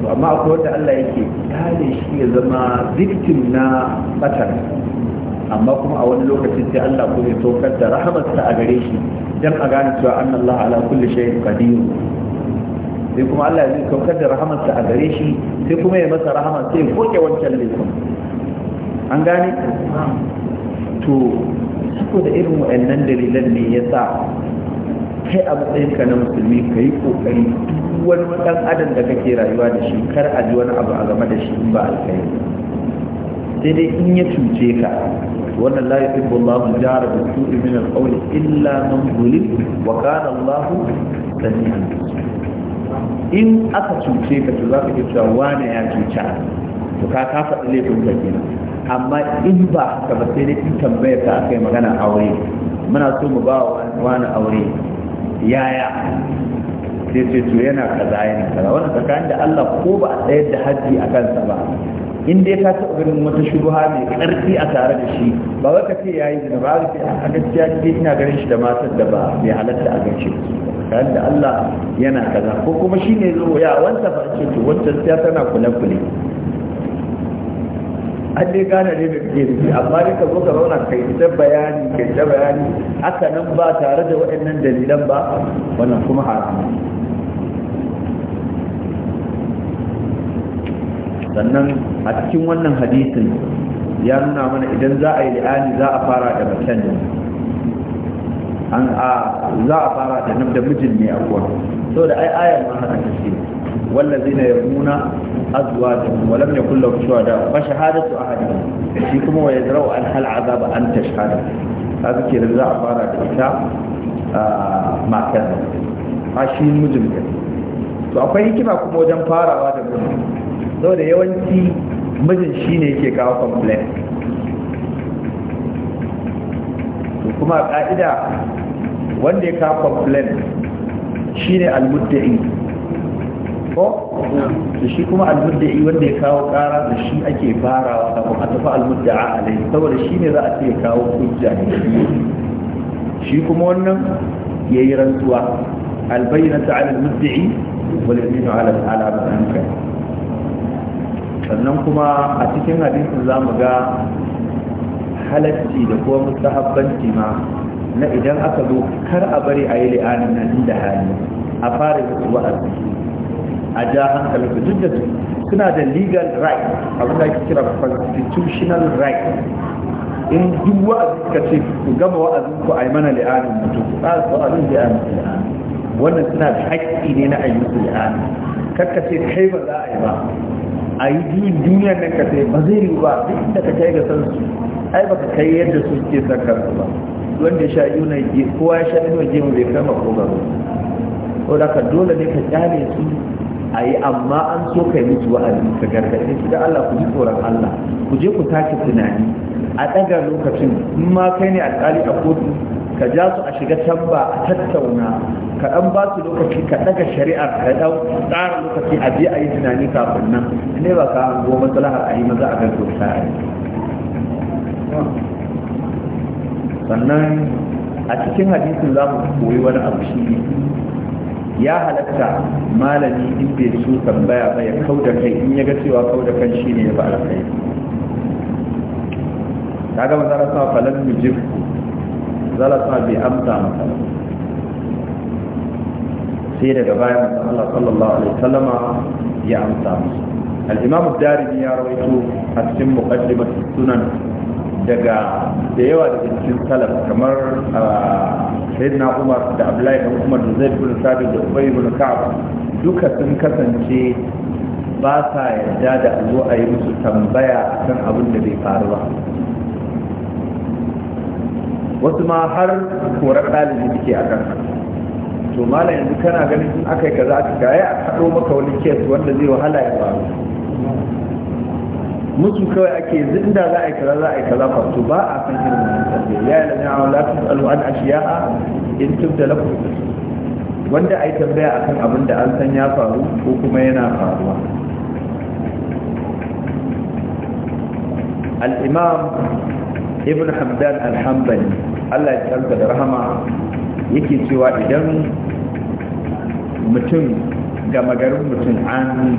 to amma akwai wanda Allah yake kare shi ya zama victim na batar amma kuma a wani lokacin sai Allah ko ya saukar da rahamarsa a gare shi dan a gane cewa annallahu ala kulli shay'in qadir sai kuma Allah zai saukar da rahamarsa a gare shi sai kuma ya masa rahama sai goge wancan laifin an gane to da irin wa'annan dalilan ne ya sa kai a matsayin ka na musulmi ka yi kokari wani ɗan adam da kake rayuwa da shi kar a ji wani abu a game da shi in ba alkhairi sai dai in ya cuce ka wannan la yuhibbu Allahu jara bi su'i min al-qawli illa man zulim wa kana Allahu samian in aka cuce ka to za ka ji cewa wane ya cuce to ka ka faɗi laifin ka kenan amma in ba ka ba sai dai in tambayar ka aka yi magana aure muna so mu ba wa wani aure yaya sai sai to yana kaza yana kaza wannan tsakanin da Allah ko ba a tsayar da haji a kansa ba in dai ka taɓa ganin wata shubuha mai ƙarfi a tare da shi ba wai ce ya yi zina ba ce a gaskiya dai ina ganin shi da matar da ba mai halatta a gaishe ba da Allah yana kaza ko kuma shine zo ya wanta a ce to wancan siya tana kula kule an dai gane ne da ke rufi amma ne ka zo ka zauna kai ta bayani kai ta bayani haka nan ba tare da waɗannan dalilan ba wannan kuma haramun sannan a cikin wannan hadisin ya nuna mana idan za a yi li'ani za a fara da macen an a za a fara da nan da mijin ne a kuwa so da ai ayar ma haka take wallazina yarmuna azwajahum wa lam yakul lahum shuhada fa shahadatu ahadihim shi kuma wa yadrau an hal azaba an ta tashhada kaga kenan za a fara da ita matar a shi mijin to akwai hikima kuma wajen farawa da mutum Sau da yawanci mijin shi ne ke kawo complain to kuma ka'ida wanda ya kawo complain shi ne almuddai ko da shi kuma almuddai wanda ya kawo kara da shi ake farawa da kuma tafi a alai saboda shi ne za a ce kawo hujja ne shi kuma wannan ya yi rantsuwa albayyana ta ala almuddai wal yaminu ala ala man ankara sannan kuma a cikin hadisin za mu ga halacci da kuma mustahabbanci ma na idan aka zo kar a bari a yi li'anin nan inda hali a fara yi wa wa'azi a ja hankali su duk da su suna da legal right A da ake kira constitutional right in duk wa'azi ka ce ku gama wa'azin ku a yi mana li'anin mutum ku tsara su wa'azin da ya li'anin wannan suna da haƙƙi ne na ayyukan li'anin kakka ce kai ba za a yi ba a yi juyin duniya ne ka sai ba zai riyu ba duk da ka kai ga san su ai baka kai yadda su ke san ba wanda ya sha na ke kowa ya sha yuna gemu bai kama ko ba ko da ka dole ne ka kyale su a amma an so kai musu wa'azi ka gargaɗe su da Allah ku ji tsoron Allah ku je ku take tunani a ɗaga lokacin in ma kai ne alƙali a kotu ka ja su a shiga can a tattauna ka dan ba su lokaci ka ɗaga shari'ar ka ɗau tsara lokaci a je a yi tunani kafin nan ne ba ka hango a yi maza a kan kusa sannan a cikin hadisin za mu koyi wani abu shi ne ya halatta malami in bai so tambaya ba ya kau da kai in ya ga cewa kau da kan shi ne ya fi alkhairi kaga manzara sa falan mujib zala sa bai amsa masa sai daga bayan Allah sallallahu alaihi wasallama ya amsa musu al-imam ad-darimi ya rawaito a cikin muqaddimat sunan daga da yawa daga cikin salaf kamar sayyidina Umar da Abdullahi da Umar da Zaid bin Sabit da Ubay bin Ka'ab duka sun kasance ba sa yarda da allo a yi musu tambaya kan abin da bai faru ba wasu ma har korar ɗalibi suke a kan to malam yanzu kana ganin sun aka yi kaza aka gaya a karo maka wani kes wanda zai wahala ya faru musu kawai ake yanzu inda za a yi kaza za a yi kaza fa to ba a san irin wannan tarbiyya ya yi lana la tusalu an ashiya'a in tubda lakum wanda ai tambaya akan abin da an san ya faru ko kuma yana faruwa al-imam ibn hamdan al-hanbali Allah ya tsarka da rahama yake cewa idan mutum gama garin mutum an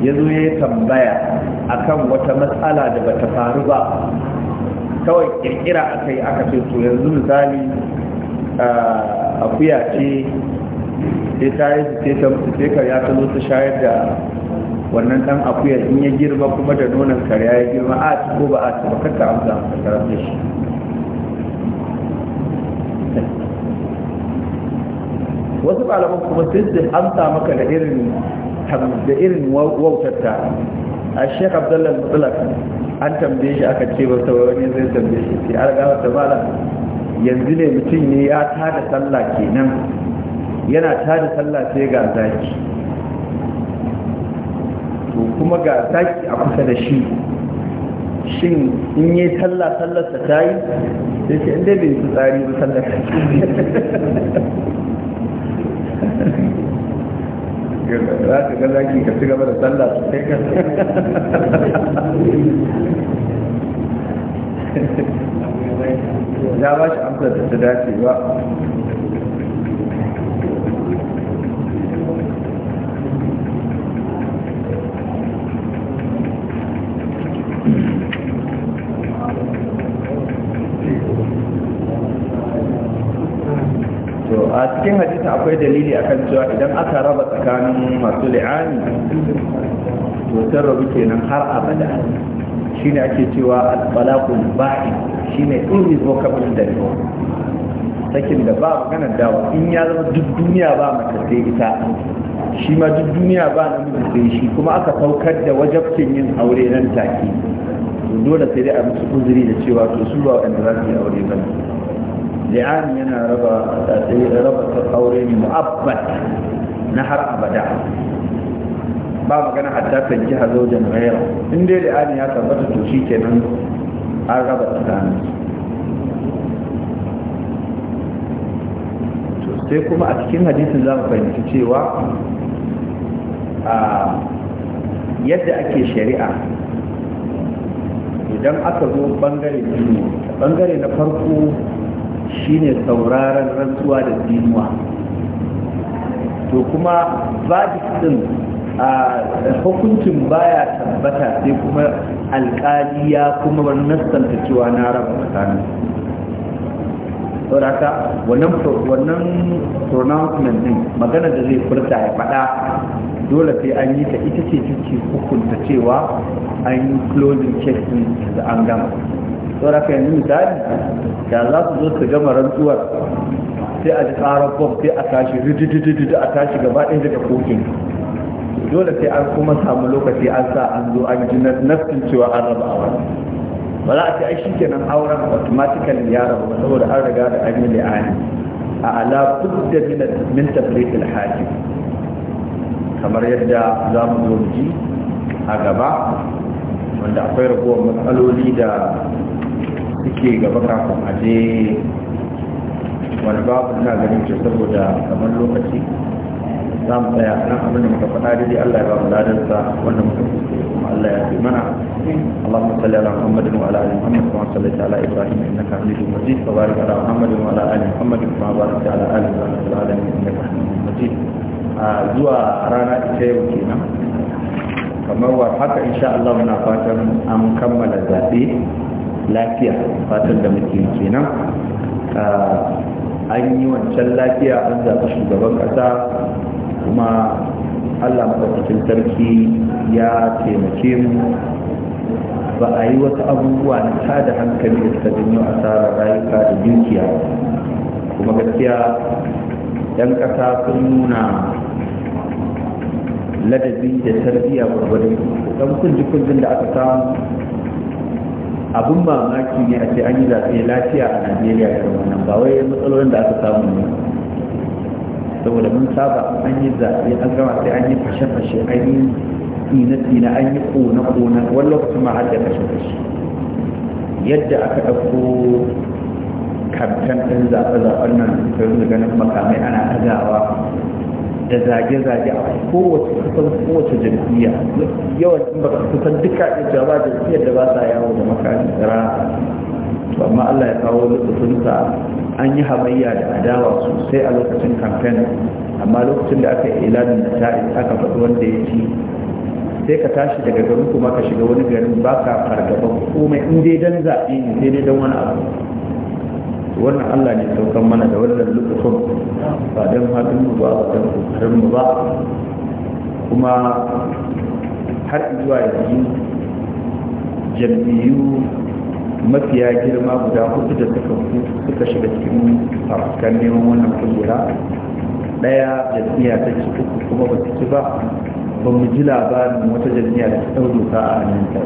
ya zo ya tambaya a kan wata matsala da bata faru ba kawai kirkira a kai aka ce to yanzu misali akuya ce sai ta yi su ce ta sai karya ta zo ta shayar da wannan dan akuya in ya girma kuma da nonon karya ya girma a ci ko ba a ci ba kakka amsa a karfe shi wasu ɗaliban kuma sun sun amsa maka da irin da irin wautarta a shek abdullahi mutulak an tambaye shi aka ce ba wata wani zai tambaye shi sai arga ta bala yanzu ne mutum ne ya tada sallah kenan yana tada sallah sai ga zaki to kuma ga zaki a kusa da shi shin in yi sallah sallar ta yi sai ce inda bai tsari ba sallar za ka ga zaki ka ci gaba da sallah kai ka ya ba shi amsar da ta dace ba cikin hadisi akwai dalili akan cewa idan aka raba tsakanin masu li'ani to sun rabu kenan har abada shine ake cewa al-balaqul ba'i shine da divorce sakin da ba magana dawo in ya zama duk duniya ba mata sai ita shi ma duk duniya ba mutum sai shi kuma aka saukar da wajabcin yin aure nan take dole sai dai a musu uzuri da cewa to su ba wanda za su yi aure ba li'ani yana raba raba ta aure ne mu'abbad na har abada ba magana hatta kan ji hazo da ghaira in dai li'ani ya tabbata to kenan an raba tsakanin to sai kuma a cikin hadisin za mu fahimci cewa a yadda ake shari'a idan aka zo bangare biyu bangare na farko shine sauraron rantsuwa da dinuwa to kuma verdict din a hukuncin baya tabbata sai kuma alkali ya kuma nastanta cewa na raba tsakanin sauraka wannan pronouncement din magana da zai furta ya faɗa dole sai an yi ta ita ce take hukunta cewa an yi closing check din da an gama saboda haka yanzu misali da za su zo su gama rantsuwar sai a ji tsarar bom sai a tashi rididididid a tashi gaba ɗaya daga kokin dole sai an kuma samu lokaci an sa an zo an ji nafsin cewa an raba a wani ba za a ce ai shi kenan auren automatical ya ba saboda an riga da an yi li'ani a ala budda min tafriq al kamar yadda za mu zo ji a gaba wanda akwai ragowar matsaloli da suke gaba kafin a je wani babu na ganin ce saboda kamar lokaci za mu tsaya nan abinda muka faɗa daidai Allah ya ba mu ladansa wanda muka fuske kuma Allah ya fi mana Allah salli ala Muhammadin wa ala ali Muhammad kama sallaita ala Ibrahim innaka Hamidum Majid wa barik ala Muhammadin wa ala ali Muhammad kama barakta ala ali Ibrahim fil alamin innaka Hamidum Majid zuwa rana ita yau kenan kamar wa haka insha Allah muna fatan an kammala zaɓe lafiya fatan da muke kenan an yi wancan lafiya an zaɓi shugaban ƙasa kuma allah maɗaukacin sarki ya taimake mu ba a yi wasu abubuwa na tada hankali da suka janyo asarar rayuka da dukiya kuma gaskiya 'yan ƙasa sun nuna ladabi da tarbiyya gwargwadon don kunji kunjin da aka samu abin mamaki ne a ce an yi zaɓe lafiya a najeriya da wannan ba wai matsalolin da aka samu ne saboda mun saba an yi zaɓe an gama sai an yi fashe-fashe an yi tsina-tsina an yi kona-kona wani lokacin ma har da fashe-fashe yadda aka ɗauko kamfen ɗin zaɓe-zaɓen nan ta ganin makamai ana ɗagawa da zage-zage a kowace kusan kowace jam'iyya yawan ba kusan duka ita ba jam'iyyar da ba sa yawo da makarin tsara To amma Allah ya kawo lokacinsa an yi hamayya da adawa sosai a lokacin kamfen amma lokacin da aka yi ilanin da ta aka faɗi wanda ya ci sai ka tashi daga garin kuma ka shiga wani garin ba ka fargaban komai in dai dan zaɓe ne sai dai dan wani abu wannan Allah ne saukan mana da wannan lukufin ba don halin mu ba ba don kokarin mu ba kuma har zuwa yanzu jam'iyyu mafiya girma guda hudu da suka suka shiga cikin fafikan neman wannan kujera daya jam'iyya ta ci uku kuma ba su ci ba ba mu ji labarin wata jam'iyya da ta ɗauka a hannun ta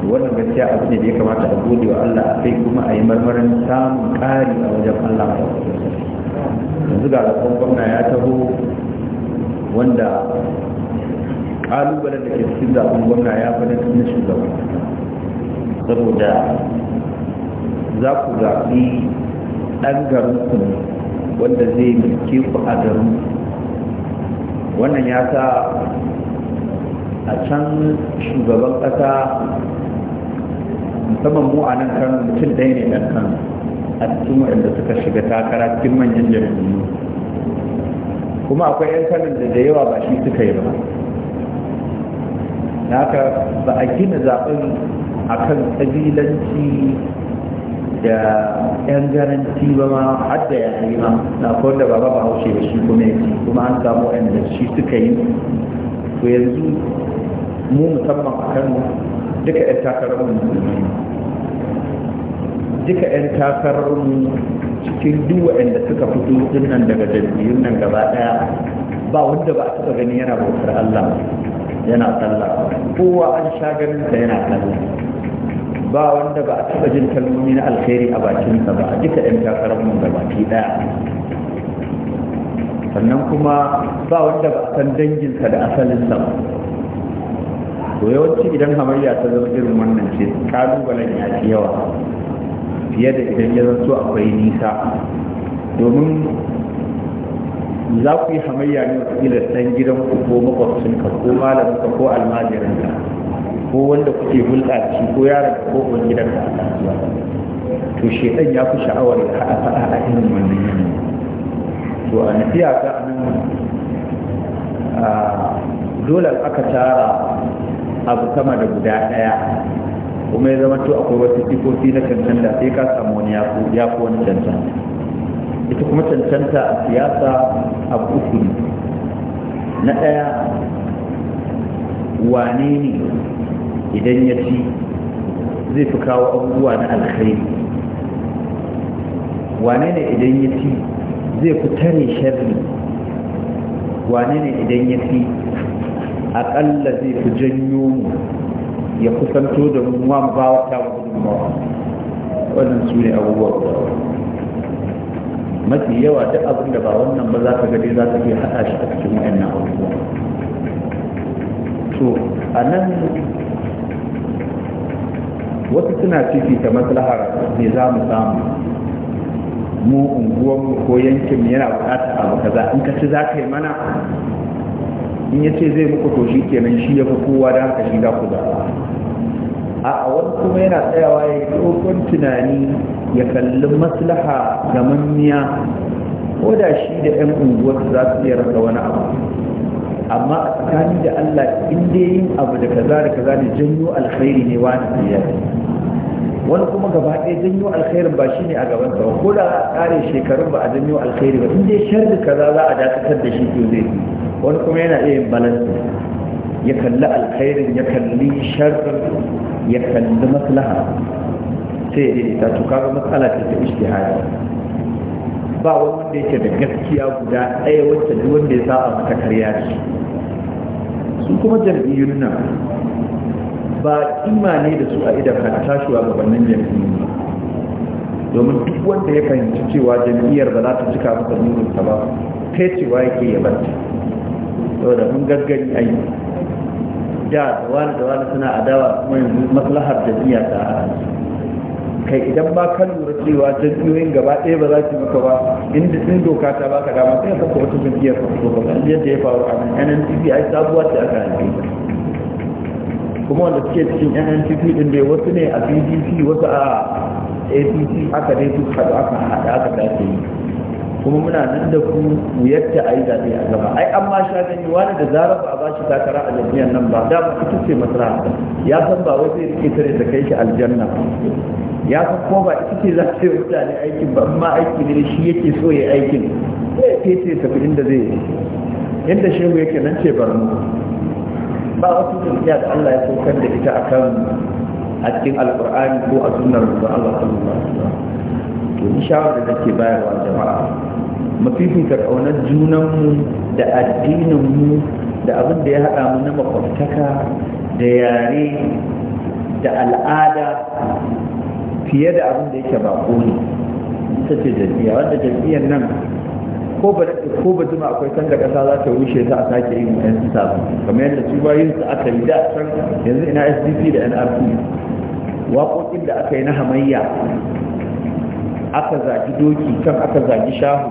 to wannan gaskiya abu ne da ya kamata a gode wa Allah a kai kuma a yi marmarin samun ƙari a wajen Allah a yanzu ga zaɓen gwamna ya taho wanda ƙalubalen da ke cikin zaɓen gwamna ya fi na shugaba saboda za ku zaɓi ɗan garinku wanda zai mulke ku a garin, wannan ya sa a can shugaban ƙasa musamman mu a nan kan mutum ɗaya ne ɗan kan a cikin waɗanda suka shiga takara cikin manyan jami'u kuma akwai 'yan kanin da da yawa ba shi suka yi ba haka ba a gina zaɓen a kan ƙabilanci da 'yan garanti ba ma har da yayi ma na kawar da baba ba haushe da shi kuma ya ci kuma an samu 'yan da shi suka yi to yanzu mu musamman a kano duka 'yan takarar musulmi duka 'yan takarar cikin duk waɗanda suka fito din nan daga jam'iyyun nan gaba ɗaya ba wanda ba a taɓa gani yana bautar Allah yana sallah kowa an sha ganin sa yana sallah ba wanda ba a taɓa jin kalmomi na alkhairi a sa ba duka 'yan takarar mu gaba ɗaya sannan kuma ba wanda ba a san danginsa da asalinsa ba to yawanci idan hamayya ta zama irin wannan ce kalubalen ya fi yawa fiye da idan ya zanto akwai nisa domin za ku yi hamayya ne wakila san gidan ku ko makwabcinka ko malaminka ko almajiranta ko wanda kuke hulɗa ci ko yaron ko uwan gidan ka to shaidan ya fi sha'awar ya haɗa faɗa a irin wannan yanayi to a nasiya ta nan ah, dole aka tara abu sama da guda ɗaya kuma ya zama to akwai wasu sifofi na cancanta sai ka samu wani ya fi wani cancanta ita kuma cancanta a siyasa abu uku ne na ɗaya wane ne idan ya ci zai fi kawo abubuwa na alkhairi wane ne idan ya ci zai fi tare sharri wane ne idan ya ci aƙalla zai fi janyo mu ya kusanto da mu ma mu ba wa ta gudunmawa wannan su ne abubuwa mafi yawa duk abin da ba wannan ba za ka gade za ka iya haɗa shi a cikin wayannan abubuwa to a nan wasu suna ta maslahar ne za mu samu mu unguwanmu ko yankinmu yana buƙatar abu kaza in ka ci za ka yi mana in ya ce zai muku to shi kenan shi ya fi kowa da haka shi za ku zaɓa a wani kuma yana tsayawa ya yi dogon tunani ya kalli maslaha ga manniya ko da shi da 'yan unguwarsu za su iya rasa wani abu amma a tsakani da Allah in dai yin abu da kaza da kaza ne janyo alkhairi ne wani biyar wani kuma gaba ɗaya janyo alkhairin ba shi ne a gaban ba ko da a ƙare shekarun ba a janyo alkhairi ba in dai da kaza za a dakatar da shi to zai yi. wani kuma yana iya yin balansu ya kalli alkhairin ya kalli sharrin ya kalli maslaha sai ya daidaita to kaga matsala ce ta ishtihadi ba wani wanda yake da gaskiya guda ɗaya wacce duk wanda ya saba mata karya ce su kuma jam'iyyun nan ba kima da su a idan hatta gabanin jam'iyyun domin duk wanda ya fahimci cewa jam'iyyar ba za ta cika masa nurin ta ba kai cewa yake yabanta saboda mun gaggani ai da wani da wani suna adawa kuma yanzu maslahar jami'a ta hana kai idan ba ka lura cewa jam'iyyoyin gaba ɗaya ba za su maka ba inda sun doka ta ba ka dama sai ka wata jam'iyyar ko ba kan yadda ya faru a nan NNPP ai sabuwa ce aka yi kuma wanda suke cikin NNPP din dai wasu ne a bbc wasu a APC aka dai su haɗu aka haɗa aka dace yi kuma muna nan da ku mu yadda a yi zaɓe a gaba ai an ma sha gani wani da zara ba a ba shi takara a jami'an nan ba da ba ita ce masara ya san ba wai zai rike tare da kai shi aljanna ya san ko ba ita ce za ta yi mutane aikin ba amma aiki ne shi yake so ya aikin sai ya ce tafi inda zai yi yadda shehu yake nan ce mu ba wasu tafiya da Allah ya saukar da ita a akan a cikin alkur'ani ko a sunar da Allah ta nuna wasallam to ni shawara da bayar bayarwa jama'a mafifita kaunar junanmu da addininmu da abin da ya haɗa mu na makwabtaka da yare da al'ada fiye da abin da yake bako ne ita ce jam'iyya wanda jam'iyyar nan ko ba ko ba jima akwai canza kasa za ta rushe ta a sake yin yan sisa kamar yadda su ba yin su aka yi da can yanzu ina sdp da nrc waƙoƙin da aka yi na hamayya aka zagi doki kan aka zagi shahu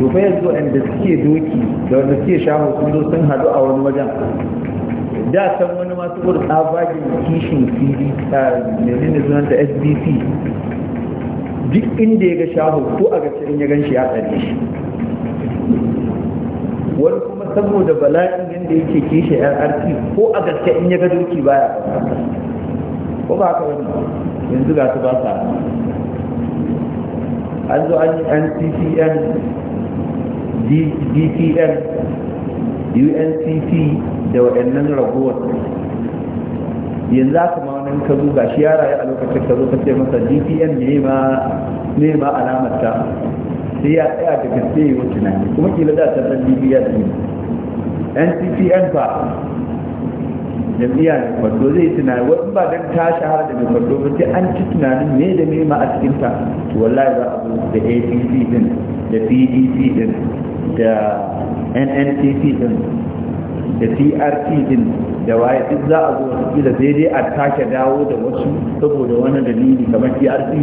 to fa yanzu inda suke doki da wanda suke shahu sun zo sun hadu a wani wajen da san wani masu gudu tsabagin kishin fili a menene sunan da sbc duk inda ya ga shahu ko a gaske in ya gan shi ya tsare shi wani kuma saboda bala'in yadda yake kishi rrt ko a gaske in ya ga doki baya ko ba ka wani yanzu ga su ba sa an zo an yi nctn dtn unct da waɗannan ragowar yanzu aka ma wani ka zo ga shi yara ya a lokacin ka zo ka ce masa dtn ne ma ne ma alamar ta sai ya tsaya da gaske yi wa tunani kuma kila da ta san dtn ne nctn fa jam'iyya da kwallo zai tunani wani ba don ta shahara da mai kwallo ba sai an ci tunanin me da me ma a cikin ta to wallahi za a zo da APC din da PDP din da NNTP din da CRT din da waye duk za a zo wasu da daidai a take dawo da wasu saboda wani dalili kamar CRT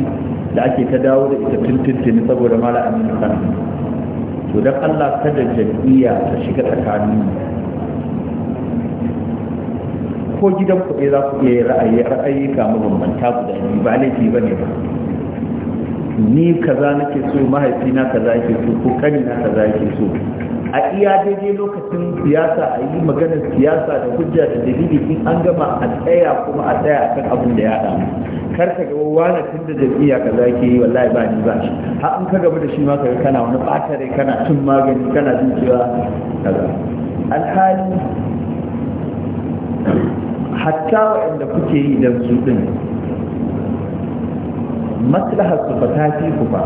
da ake ta dawo da ita tuntuntuni saboda mala aminu kan to don Allah kada jam'iyya ta shiga tsakanin ko gidan kuɗi za ku iya ra'ayi ra'ayi ka bambanta guda biyu ba laifi ba ne ba ni kaza nake so mahaifina kaza yake so ko kani na kaza yake so a iya daidai lokacin siyasa a yi maganar siyasa da hujja da dalili in an gama a tsaya kuma a tsaya akan abin da ya damu. kar ka ga wani tun da jam'iyya kaza ke yi wallahi ba ni ba shi har in ka gaba da shi ma ka kana wani ɓata rai kana cin magani kana jin cewa kaza alhali hatta waɗanda kuke yi don su ɗin maslahar su ba ta fi ku ba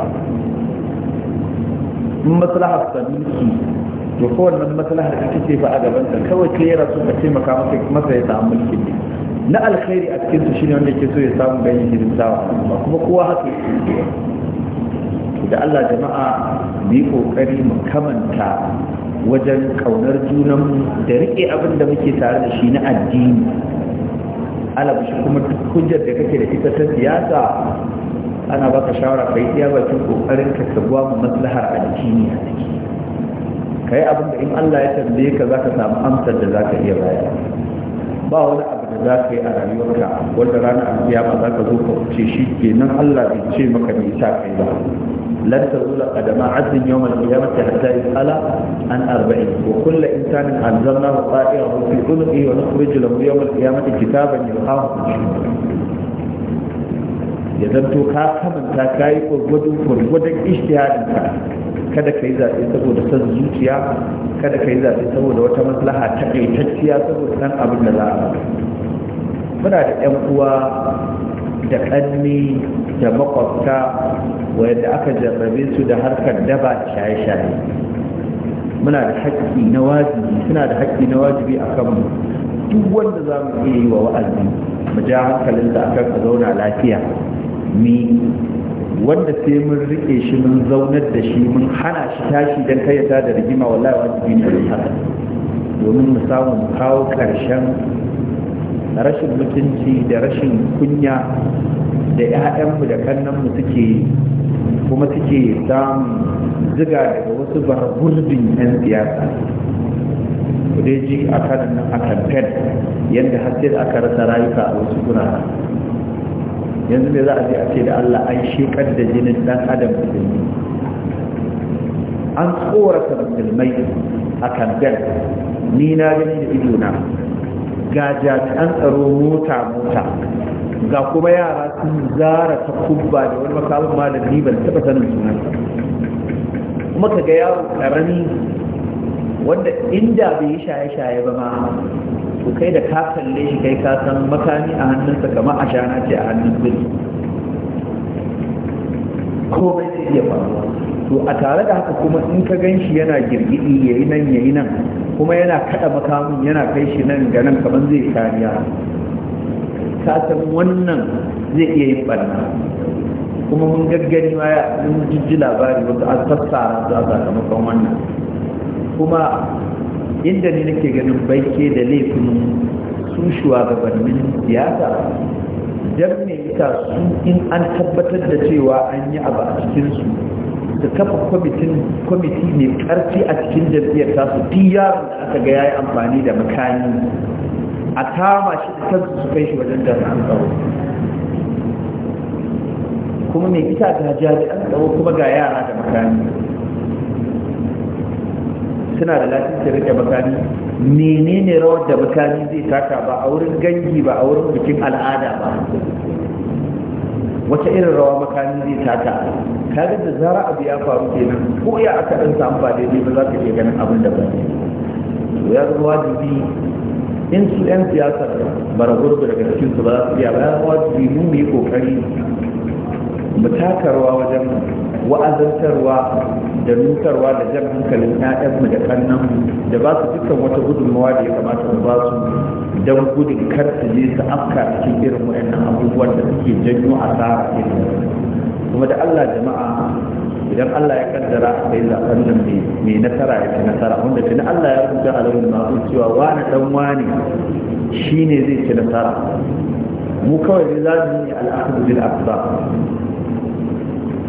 in maslahar sannin su to kowannan maslahar ita ce fa a gaban ta kawai kera su ka taimaka masa ya samu mulkin na alkhairi a cikin su shine wanda ke so ya samu ganin gidan sawa kuma kowa haka da Allah jama'a mu yi kokari mu kamanta wajen kaunar junanmu da rike abin da muke tare da shi na addini alabashi kuma duk hujjar da kake da ita ta siyasa ana baka shawara ka iya bakin kokarin ka ka gwa mu maslahar addini a ciki yi abin da in Allah ya tambaye ka zaka samu amsar da za ka iya bayar ba wani abu da za ka yi a rayuwarka wanda ranar alkiyama za ka zo ka wuce shi kenan Allah bai ce maka me sa kai ba lan tazula qadama azin yawm alqiyamati hatta ala an arba'in wa kullu insanin anzalnahu ta'irahu fi unqi wa nukhrij lahu yawm alqiyamati kitaban yalqahu ya zanto ka kamanta ka yi gwargwadon gwargwadon ka kada ka yi zaɓe saboda son zuciya kada ka yi zaɓe saboda wata maslaha ta ƙaitacciya saboda ɗan abin da za a muna da ƴan uwa da ƙanni da makwabta wanda aka jarrabe su da harkar daba shaye-shaye muna da haƙƙi na wajibi suna da haƙƙi na wajibi a kanmu duk wanda za mu iya yi wa wa'azi mu ja hankalin da aka zauna lafiya mi wanda sai mun rike shi mun zaunar da shi mun hana shi tashi don kai ya da rigima wallahi wajibi ne da domin mu samu kawo karshen rashin mutunci da rashin kunya da 'ya'yanmu da mu suke kuma suke samun ziga daga wasu bargurbin 'yan siyasa ku dai ji a kan a kamfen yadda har sai aka rasa rayuka a wasu gurare yanzu ne za a ce a ce da Allah an shekar da jinin dan adam musulmi an tsorata musulmai a kamfen ni na gani da ido na ga jami'an tsaro mota mota ga kuma yara sun zara ta kubba da wani makamin malami ban taba sanin sunan kuma ka ga yaro karami wanda inda bai yi shaye-shaye ba ma to kai da ka kalle shi kai ka san makami a hannunsa kamar a shana ce a hannun zuri komai zai iya faruwa to a tare da haka kuma in ka gan shi yana girgidi ya yi nan ya yi nan kuma yana kada makamin yana kai shi nan ga nan kamar zai kariya ka san wannan zai iya yin barna kuma mun gaggani ma mun jijji labari wasu an sassara za a sakamakon wannan kuma inda ne nake ganin baike da laifin sun shugabannin siyasa don me ita su in an tabbatar da cewa an yi abu a cikinsu da kafa kwamiti mai karfi a cikin jam'iyyar tasu duk yaron da aka ga yi amfani da makani a kama shi da kansu su kai shi wajen jami'an tsaro kuma mai ita ga jami'an tsaro kuma ga yara da makani suna da lafiya rike bakani menene rawar da bakani zai taka ba a wurin gangi ba a wurin bikin al'ada ba wata irin rawa makami zai taka kaga da zara abu ya faru kenan ko ya aka dan samu ba daidai ba za ka iya ganin abin da ba ya zama wajibi in su 'yan siyasar bara gurbi daga cikin su ba su iya bayan wajibi mun yi kokari Mutakarwa wajen wa'azantarwa da nutarwa da jan hankalin 'ya'yanmu da kannan da ba su dukkan wata gudunmawa da ya kamata mu ba su don gudun kar su je su afka cikin irin waɗannan abubuwan da suke janyo asara irin kuma da Allah jama'a idan Allah ya kaddara a yi zaɓen nan mai nasara ya ci nasara wanda tuni Allah ya rubuta a lauyin masu cewa wani ɗan wani shi ne zai ci nasara mu kawai ne za mu yi al'adu bil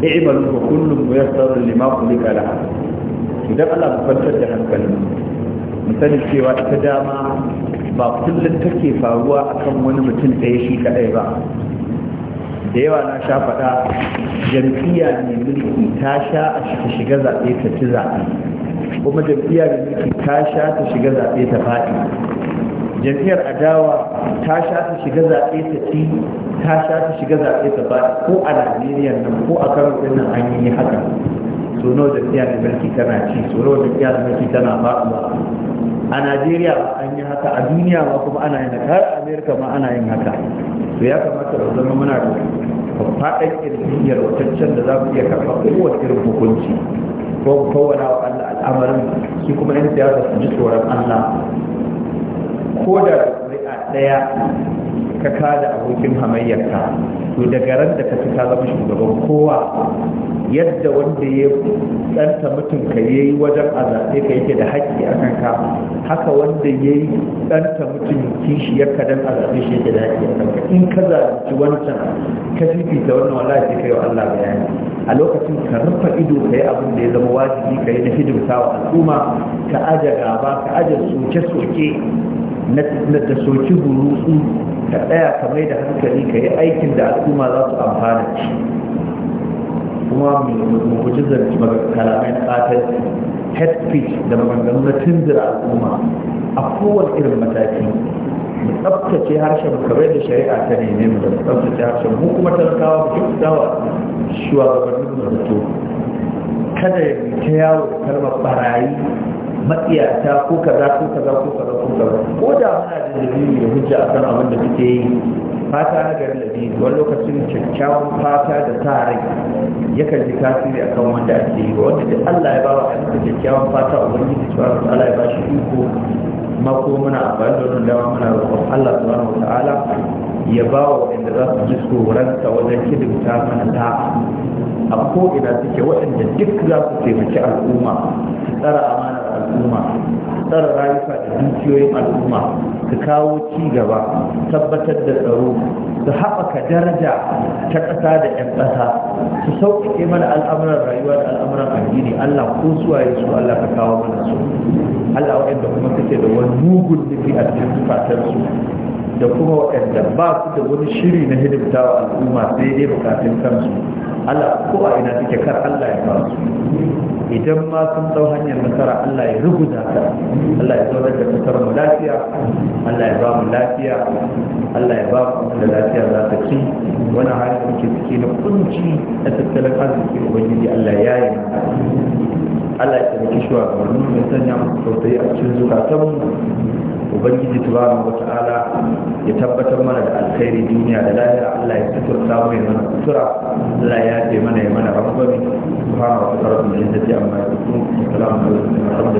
ni'mal wa kullum muyassar lima khuliqa la idan Allah ya kwantar da hankali mu sani cewa ta dama ba kullum take faruwa akan wani mutum ɗaya shi kadai ba da yawa na sha faɗa jam'iyya mai mulki ta sha a shiga zaɓe ta ci kuma jam'iyya mai mulki ta sha ta shiga zaɓe ta faɗi jam'iyyar adawa ta sha ta shiga zaɓe ta ci ta sha ta shiga zaɓe ta ba ko a najeriya nan ko a karo ɗin nan an yi haka so nawa jam'iyyar da mulki tana ci so nawa jam'iyyar da mulki tana ba ba a najeriya an yi haka a duniya ma kuma ana yin haka har amerika ma ana yin haka to ya kamata da zama muna da faɗan irgiyar wataccen da za mu iya karɓar kowace irin hukunci ko kowane wa Allah al'amarin shi kuma yan siyasa su ji tsoron Allah ko da a ɗaya ka kada abokin hamayyarka to daga ran da ka fi ka zama shugaban kowa yadda wanda ya ɗanta mutum ka yi wajen a zaɓe ka yake da haƙƙi a kanka haka wanda ya yi ɗanta mutum kishi ya kadan zaɓe shi yake da haƙƙi a kanka in ka zaɓi wancan ka fifita wannan wala ce kai wa Allah bayani a lokacin ka rufe ido ka yi abin da ya zama wajibi ka yi na hidimta wa al'umma ka aje gaba ka aje soke-soke na da soki burutsu ka tsaya ka mai da hankali ka yi aikin da al'umma za su amfana ci kuma mu guji zarci kalamai na ƙatar head speech da maganganu na tunzura al'umma a kowane irin mataki mu tsabtace harshen kamar da shari'a ta neme mu da tsabtace harshen mu kuma talakawa mu kyautata wa shugabannin mu kada ya ta yawo kalmar barayi matsiyata ko kaza ko kaza ko kaza ko kaza ko da muna da dalili da hujja akan abin da kuke yi fata na garin biyu wani lokacin kyakkyawan fata da sa rai yakan ji tasiri kan wanda ake yi wanda duk Allah ya ba wa ayyuka kyakkyawan fata wani subhanahu cewa allah ya ba shi iko mako muna amfani da wannan dama muna roƙon Allah subhanahu wa ta'ala ya ba wa waɗanda za su ji tsoronta wajen hidimta mana da a ko ina suke waɗanda duk za su taimaki al'umma su tsara amana al'umma tsara rayuka da dukiyoyin al'umma ka kawo ci gaba tabbatar da tsaro su haɓaka daraja ta ƙasa da 'yan ƙasa su sauƙaƙe mana al'amuran rayuwa da al'amuran addini Allah ko suwaye su Allah ka kawo mana su Allah waɗanda kuma kake da wani mugun nufi a cikin zukatarsu da kuma waɗanda ba su da wani shiri na hidimta wa al'umma sai dai bukatun kansu Allah ko a ina suke kar Allah ya ba su idan ma sun tsau hanyar nasara Allah ya rubuta ka Allah ya zaunar da kasar mu lafiya Allah ya ba mu lafiya Allah ya ba mu da lafiya za ta ci wani hali da muke suke na kunci na tattalin arziki ubangiji Allah ya yi Allah ya tabbaki shi wa mai sanya mu tausayi a cikin zukatanmu ubangiji subhanahu wata'ala ya tabbatar mana da alkhairi duniya da lahira Allah ya suturta mu ya mana sutura Allah ya ce mana ya mana rangwame subhanahu wa ta'ala da izzati amma ya kusu assalamu alaikum